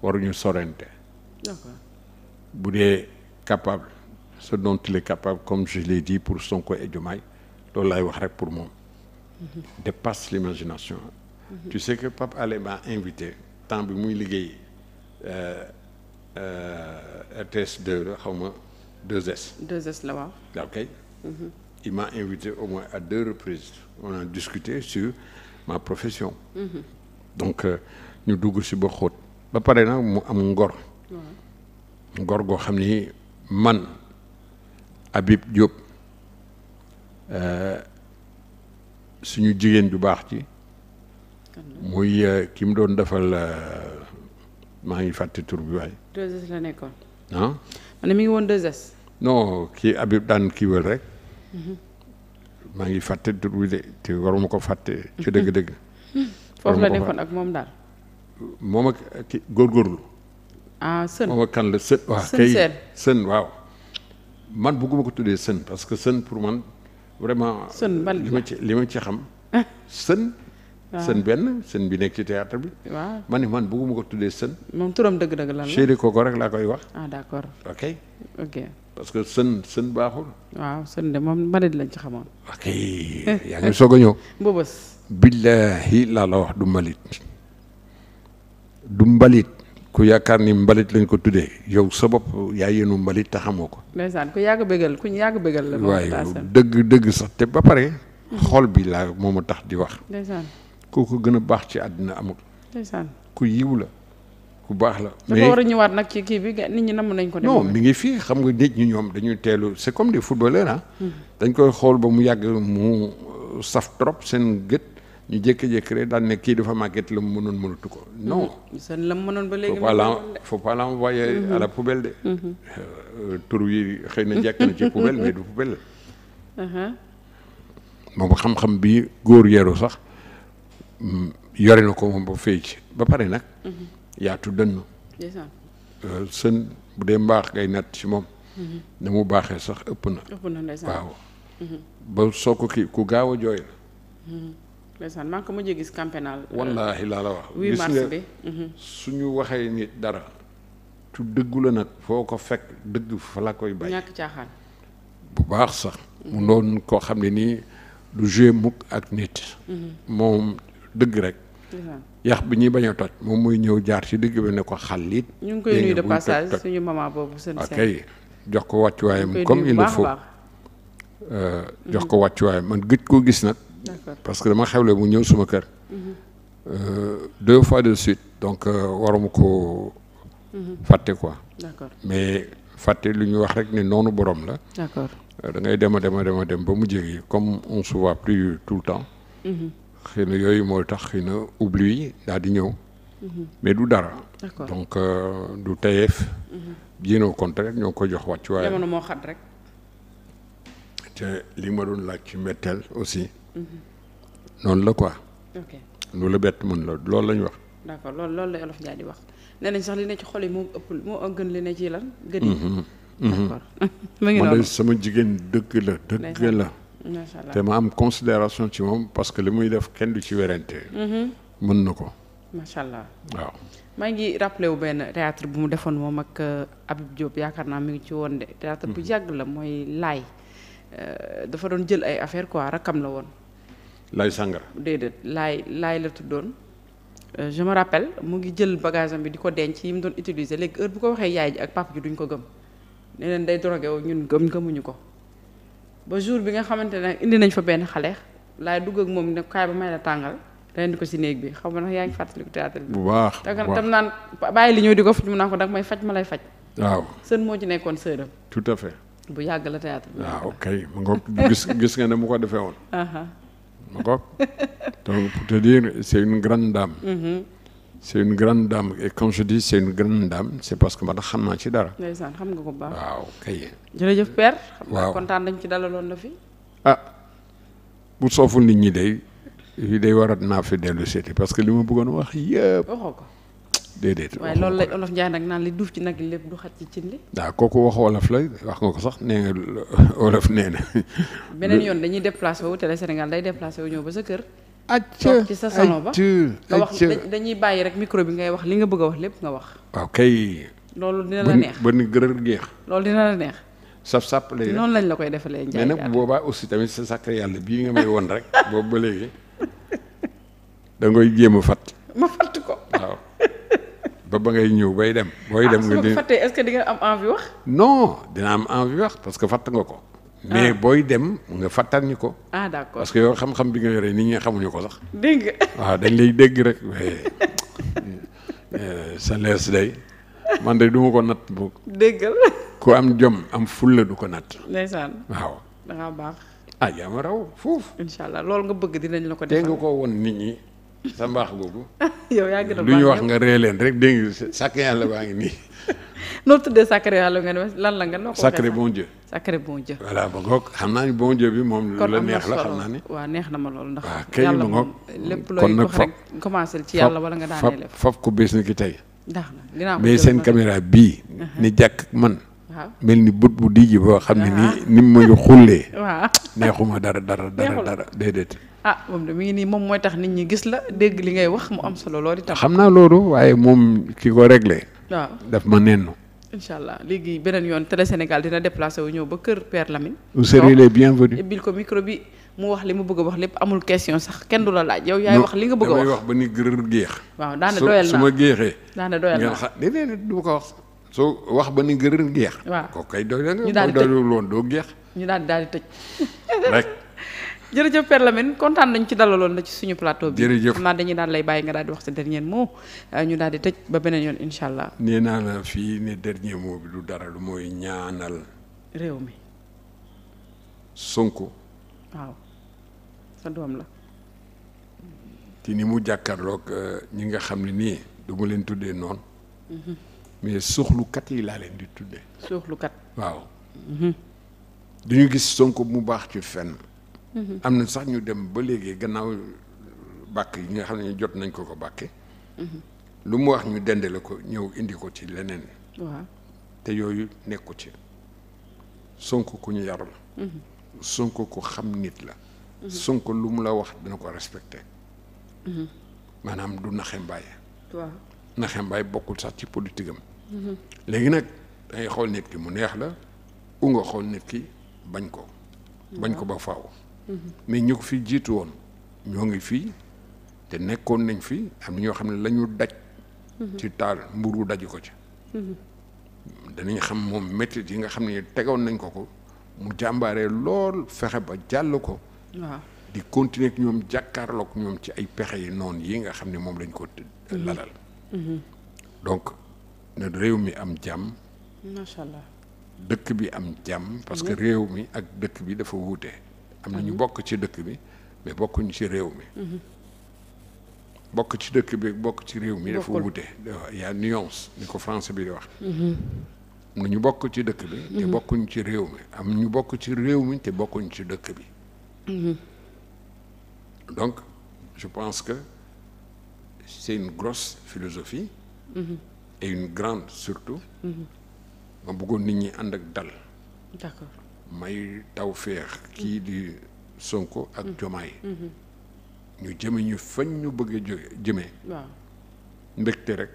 waruñu sorente bu dee capable ce dont il est capable comme je l'ai dit pour Sonko et Diomaye loolu laay wax rek pour moom dépasse l'imagination mhm. tu sais que Pape Alé m'a invité temps bi muy liggéey Euh, euh, RTS 2 xaw ma 2S. 2S la waaw. Mhm. il m'a invité au moins à deux reprises on a discuté sur ma profession. Mhm. donc euh, ñu dugg si ba xóot. ba pare nag mu am ngor. ngor goo xam ni man Habib Diop suñu jigéen ju baax ci. muy ki mu doon defal. maa ngi fàtte tur bi waaye. 2S la nekkoon. ah. man mi ngi woon 2S. non kii Habib daan kii wël rek. Mhm. maa ngi fàtte tur de te waruma ko fàtte. ci dëgg-dëgg. foofu la nekkoon ak moom daal. moom ak ki góorgóorlu. ah sën moom ak kan la sën. waaw sën waaw. man bëgguma ko tuddee sën parce que sën pour man vraiment. sën bal ma ci li ma ci xam sën. sën benn sën bi nekk ci théâtre bi. waaw ma ne man bëgguma ko tuddee sën. moom turam dëgg-dëgg lan la chéri laa koy wax. ah d'accord parce que sën sën baaxul. waaw sën de moom mbalit lañ ci xamoon. ok soog a ñëw. mbëbës. billahi laa la wax du mbalit. du mbalit. ku yaakaar ni mbalit lañ ko tuddee yow sa bopp yaa yéenu mbalit te xamoo ko. ndeysaan ku yàgg bégal ku yàgg bégal la. moom waaye dëgg dëgg sax te ba pare. Mm. xol bi laa a tax di wax. kooku gën a baax ci àddina amul. ku yiw la ku baax la. mais dafa ñëwaat nag ci kii nit ñi namm nañ ko. non mi ngi fii xam nga nit ñi ñoom dañuy teelu c'est comme des footballeurs ah. dañ koy xool ba mu yàgg mu euh, saf trop seen gët. ñu jékki-jékki rek daan kii dafa màgget la mu mënoon mënatu ko mm-hmm. non. seen la mu mënoon ba léegi faut de. Mm-hmm. Euh, euh, tur yi xëy na jekk na ci poubelle mais du poubelle la. Uh-huh. moom xam-xam bi góor yeru sax. Mm, yore na ko moom ba fay ci ba pare nag. Mm-hmm. yaatu dënn. sën bu dee mbaax ngay natt ci moom. Mm-hmm. na mu baaxee sax ëpp na. ëpp mm-hmm. ba soo ko kii ku gaaw a jooy la. ndeysaan maa ngi gis campénal. Euh, wallaahi laa la wax. waxee nit dara. tu dëggu la nag foo ko fekk dëgg fa la koy bay. bu baax sax. mu doon koo xam ne nii du joué mukk ak nit. moom dëgg rek. yax bi ñuy bañ a toj moom muy ñëw jaar ci digg bi ne ko xal ñu ngi koy nuyu de passage suñu maman boobu seen ok ah, jox ko wàccuwaayam comme il euh, jox mm-hmm. ko wàccuwaayam man gëj koo gis nag. parce que dama xewle mu ñëw suma kër. Mm-hmm. Euh, deux fois de suite donc euh, waruma ko mm-hmm. fàtte quoi. mais fàtte lu ñu wax rek ne noonu borom la. da ngay dem a dem a dem a dem ba mu jege comme on se voit plus tout le temps. xëy yooyu moo tax xëy na oubli daal di ñëw. Mhm. mais du dara. donc euh, du tayeef. bien mhm. au ñoo ko jox waaye jamono moo xat rek. te li ma doon laaj ci metteel aussi. Mhm. noonu la quoi. ok lu la bett mën la loolu la ñu wax. la Olof Njaay di wax nee nañ sax li ne ci xol moo ëpp moo gën li ne ci lan. gën ngi noonu sama jigéen dëgg la dëgg la. te ma am considération ci moom parce que li muy def kenn du ci werante mhm. mën na ko macha allah waaw maa ngi rappelé wu benn théâtre bu mu defoon moom ak euh, Habib Diop yaakaar naa mi ngi ci woon de théâtre bu jàgg mhm. la mooy laay euh, dafa doon jël ay affaire quoi rakkam la woon laay sàngara déedéet laay laay la tuddoon euh, je me rappelle mu ngi jël bagage bi di ko denc yi mu doon utiliser léegi heure bu ko waxee yaay ji ak papa ji duñ ko gëm ne leen day drogué wu ñun gëm ko ba jour bi nga xamante ne indi nañ fa benn xale laay dugg moom ne kaay ba may la tàngal rendi ko ci néeg bi xam nga ndax yaa ngi fàttaliku théâtre bi bu baax tam naan bàyyi li ñëw di ko fu mu naan ko danga may faj ma lay faj waaw sën moo ci nekkoon sëram tout à fait bu yàgg la théâtre bi waaw ah, kay ma ngoog gis gis nga ne mu ko defee woon ma ngoog donc pour te dire c'est une grande dame mm-hmm. c'est une grande dame et quand je dis c'est une grande parce que man xam naa ci dara. ndeysaan xam nga ko baax waaw kay. jërëjëf père. waaw kontaan nañ ci dalaloon na fi. ah bu sooful nit ñi day fii day warat naa fi dellu seeti parce que li ma buggoon wax yëpp. waxoo déedéet. waaye loolu lay olof Ndiaye nag naan li duuf ci nag lépp du xat ci cin li. waaw kooku wax olof la wax nga ko sax nee nga olof nee na. beneen yoon dañuy déplacé wu Télé Sénégal day déplacé wu ñëw ba sa kër. ci sa acca wax dañuy bàyyi rek micro bi ngay wax li nga bëgg a wax lépp nga wax. waaw kay. loolu dina la neex ba ni gërër geex. loolu dina neex. saf sàpp lay noonu lañ la koy defalee. mais nag boobaa aussi tamit sa sàkk yàlla bii nga may woon rek boobu ba léegi da ngay jéem a fàtt. ma fàtt ko waaw. ba ba ngay ñëw bay dem. booy dem ah, nga di ah est-ce que di nga am envie wax. non dina am envie wax parce que fàtt nga ko. mais ah. booy dem nga fàttan ko. ah d'accord parce que yow xam-xam bi nga yore nit ñi xamuñu ko sax. dégg waaw ah, dañ lay dégg rek sa euh, lees day man de du ko natt bu. déggal ku am jom am fulla du ko natt. ndeysaan waaw. da baax. ah yaa ma raw foofu. incha lool nga bëgg dinañu la ko defal. te nga ko woon nit ñi sa mbaax googu. yow lu ñu wax nga ree leen rek dégg nga sàkk yàlla baa ngi nii. noo tuddee sacré yàlla lan la nga noo sacré bon Dieu sacré bon Dieu xam naa ni bon Dieu bi moom lu la neex la xam naa ni waa neex na ma loolu ndax waaw kay yàlla moom lépp looy wax rek commencé ci yàlla wala nga daanee lef fab ko bés ni ki tey ndax dinaa mais seen caméra bii uh-huh. ni jàkk man waaw mel ni bët bu dijji boo xam ne nii uh-huh. ni mu ngi xullee waaw neexuma dara dara dara dara déedéet ah, moom de mi ngi nii moom mooy tax nit ñi gis la dégg li ngay wax mu am solo loolu itam xam naa loolu waaye moom ki ko réglé waaw daf ma nennu incha allah léegi beneen yoon Télé Sénégal dina déplacé wu ñëw ba kër Père Lamine. vous serez les bienvenus bil ko micro bi mu wax li mu bëgg a wax lépp amul question sax kenn du la laaj yow yaay wax li nga bëgg a wax damay wax ba ni daana doyal naa su ma géexee. daana doyal naa nga déedéet du ko wax. soo wax ba ni gërër géex. waaw kooku kay doyal na ñu daal di tëj doyul woon doo géex. ñu daal di daal di tëj rek. jërëjëf Père Lamine kontaan nañ ci dalaloon la ci suñu plateau bi jërëjëf naa dañuy daan lay bàyyi nga daal di wax sa dernier mot euh, ñu daal di tëj ba beneen yoon incha allah nee naa la fii ne dernier moo bi du dara lu mooy ñaanal réew mi sunk waaw sa doom la te ni mu jàkkaarloog euh, ñi nga xam ne nii du mu leen tuddee noon mhm. mais suuxlukat yi laa leen di tuddee suuxlukat waaw mhm. du ñu gis Sonko mu baax ci fenn Mm-hmm. am na sax ñu dem ba léegi gannaaw bàkk yi nga xam ne jot nañ ko ko bàkke mm-hmm. lu mu wax ñu dendee la ko ñëw indi ko ci leneen waaw te yooyu nekku ci Sonko ku ñu yar la mm-hmm. Sonko ku xam nit la Sonko lu mu la wax dina ko respecté maanaam du naxe mbaay waaw bokkul sax ci politique am léegi nag dangay xool nit ki mu neex la u nga xool nit ki bañ ko bañ ko ba faaw mais ñu ko fi jiitu woon ñoo ngi fii te nekkoon nañ fi am na ñoo xam ne lañu daj ci taal mburu daju ko ci danañ xam moom métit yi nga xam ne tegoon nañ ko ko mu jàmbaaree lool fexe ba jàll ko waaw di continuer ñoom jàkkaarlook ñoom ci ay pexe yi noonu yi nga xam ne moom lañ ko mhm. lalal mhm. donc na réew mi am jàmm macha allah dëkk bi am jàmm parce que mhm. réew mi ak dëkk bi dafa wuute am na ñu bokk ci dëkk bi mais bokkuñ ci réew mi bokk ci dëkk bi bokk ci réew mi dafa wute yaa nuance ni ko français bi di wax mhm. na ñu bokk ci dëkk bi te mhm. bokkuñ ci réew mi am ñu bokk ci réew mi te bokkuñ ci dëkk bi mhm. donc je pense que c'est une grosse philosophie et une grande surtout ma bëggoon nit ñi ànd ak dal may taw féex kii di sonk ak Jomaay mm-hmm. mm-hmm. ñu jëme ñu fañ ñu bëgg jóge jëmee waaw mbégte rek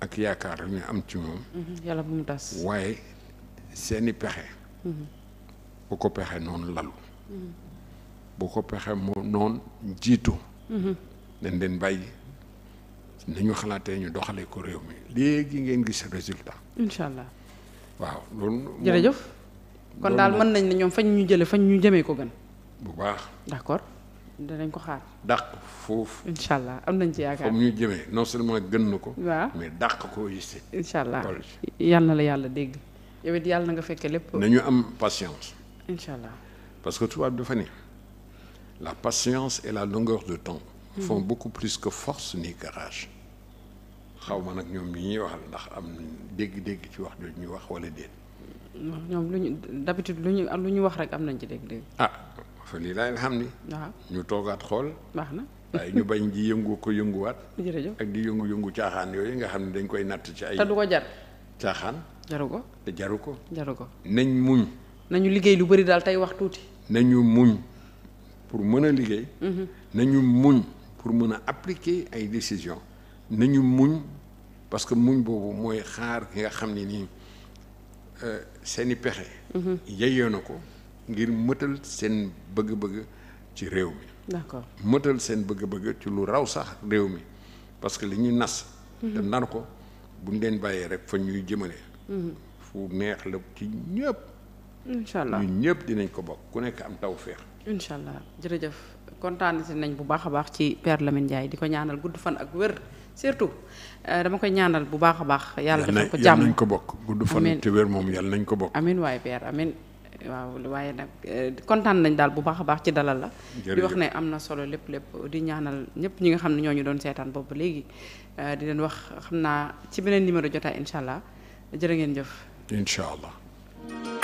ak yaakaar ñu am ci moom mm-hmm. yàlla bu mu tas waaye seeni pexe bu ko pexe noonu lal bu ko pexe moo noonu jiitu dañ leen bàyyi nañu xalaatee ñu doxalee ko réew mi léegi ngeen gis résultat incha allah waaw loolu jërëjëf kon daal mën nañ ne ñoom fañ ñu jëlee fañ ñu jëmee ko gën. bu baax d'accord danañ ko xaar. dàq foofu. incha allah am nañ ci yaakaar comme ñu jëmee non seulement gën na ko. waaw mais dàq ko aussi. allah yal na la yàlla dégg. yow yàlla na nga fekkee lépp. nañu am patience. incha allah parce que tubaab dafa ne la patience et la longueur de temps. Hmm. font beaucoup plus que force ni que rage. xaw ma nag ñoom ñi ñuy waxal ndax am dégg-dégg ci wax jooju ñuy wax wala déet. ñoom lu ñu d'habitude lu ñu lu ñu wax rek am nañ ci dégg-dégg. ah fa lii laa leen xam ni. waaw ñu toogaat xool. baax na waaye ñu bañ di yëngu ko yënguwaat. jërëjëf ak di yëngu-yëngu caaxaan yooyu nga xam ne dañ koy natt ci ay. te du ko jar. caaxaan. jaru ko te jaru ko. jaru ko nañ muñ. nañu liggéey lu bari daal tey wax tuuti. nañu muñ pour mën a liggéey. Mm-hmm. nañu muñ pour mën a appliquer ay décisions nañu muñ parce que muñ boobu mooy xaar ki nga xam ni nii. Euh, seeni pexe. Mhm. yeyoo na ko ngir mëtal seen bëgg-bëgg ci réew mi. d'accord mëtal seen bëgg-bëgg ci lu raw sax réew mi parce que li ñuy nas. Mhm. te nar ko buñ leen bàyyee rek fa ñuy jëmale. Mhm. fu neex la ci ñëpp. incha allah ñëpp dinañ ko bokk ku nekk am taw feex. incha allah jërëjëf kontaan nañ bu baax a baax ci Père Lamine Ndiaye di ko ñaanal gudd fan ak wér surtout. Euh, dama koy ñaanal bu baax a baax. yàlla defal ko jàmm nañ ko bokk. gudd fan te wér moom yàlla nañ ko bokk. amiin waaye père amiin waaw waaye nag euh, kontaan nañ daal bu baax a baax ci dalal la. di wax ne am na solo lépp lépp di ñaanal ñëpp ñi nga xam ne ñoo ñu doon seetaan boobu léegi euh, di leen wax xam naa ci beneen numéro jotaay incha allah jërë ngeen jëf. incha allah.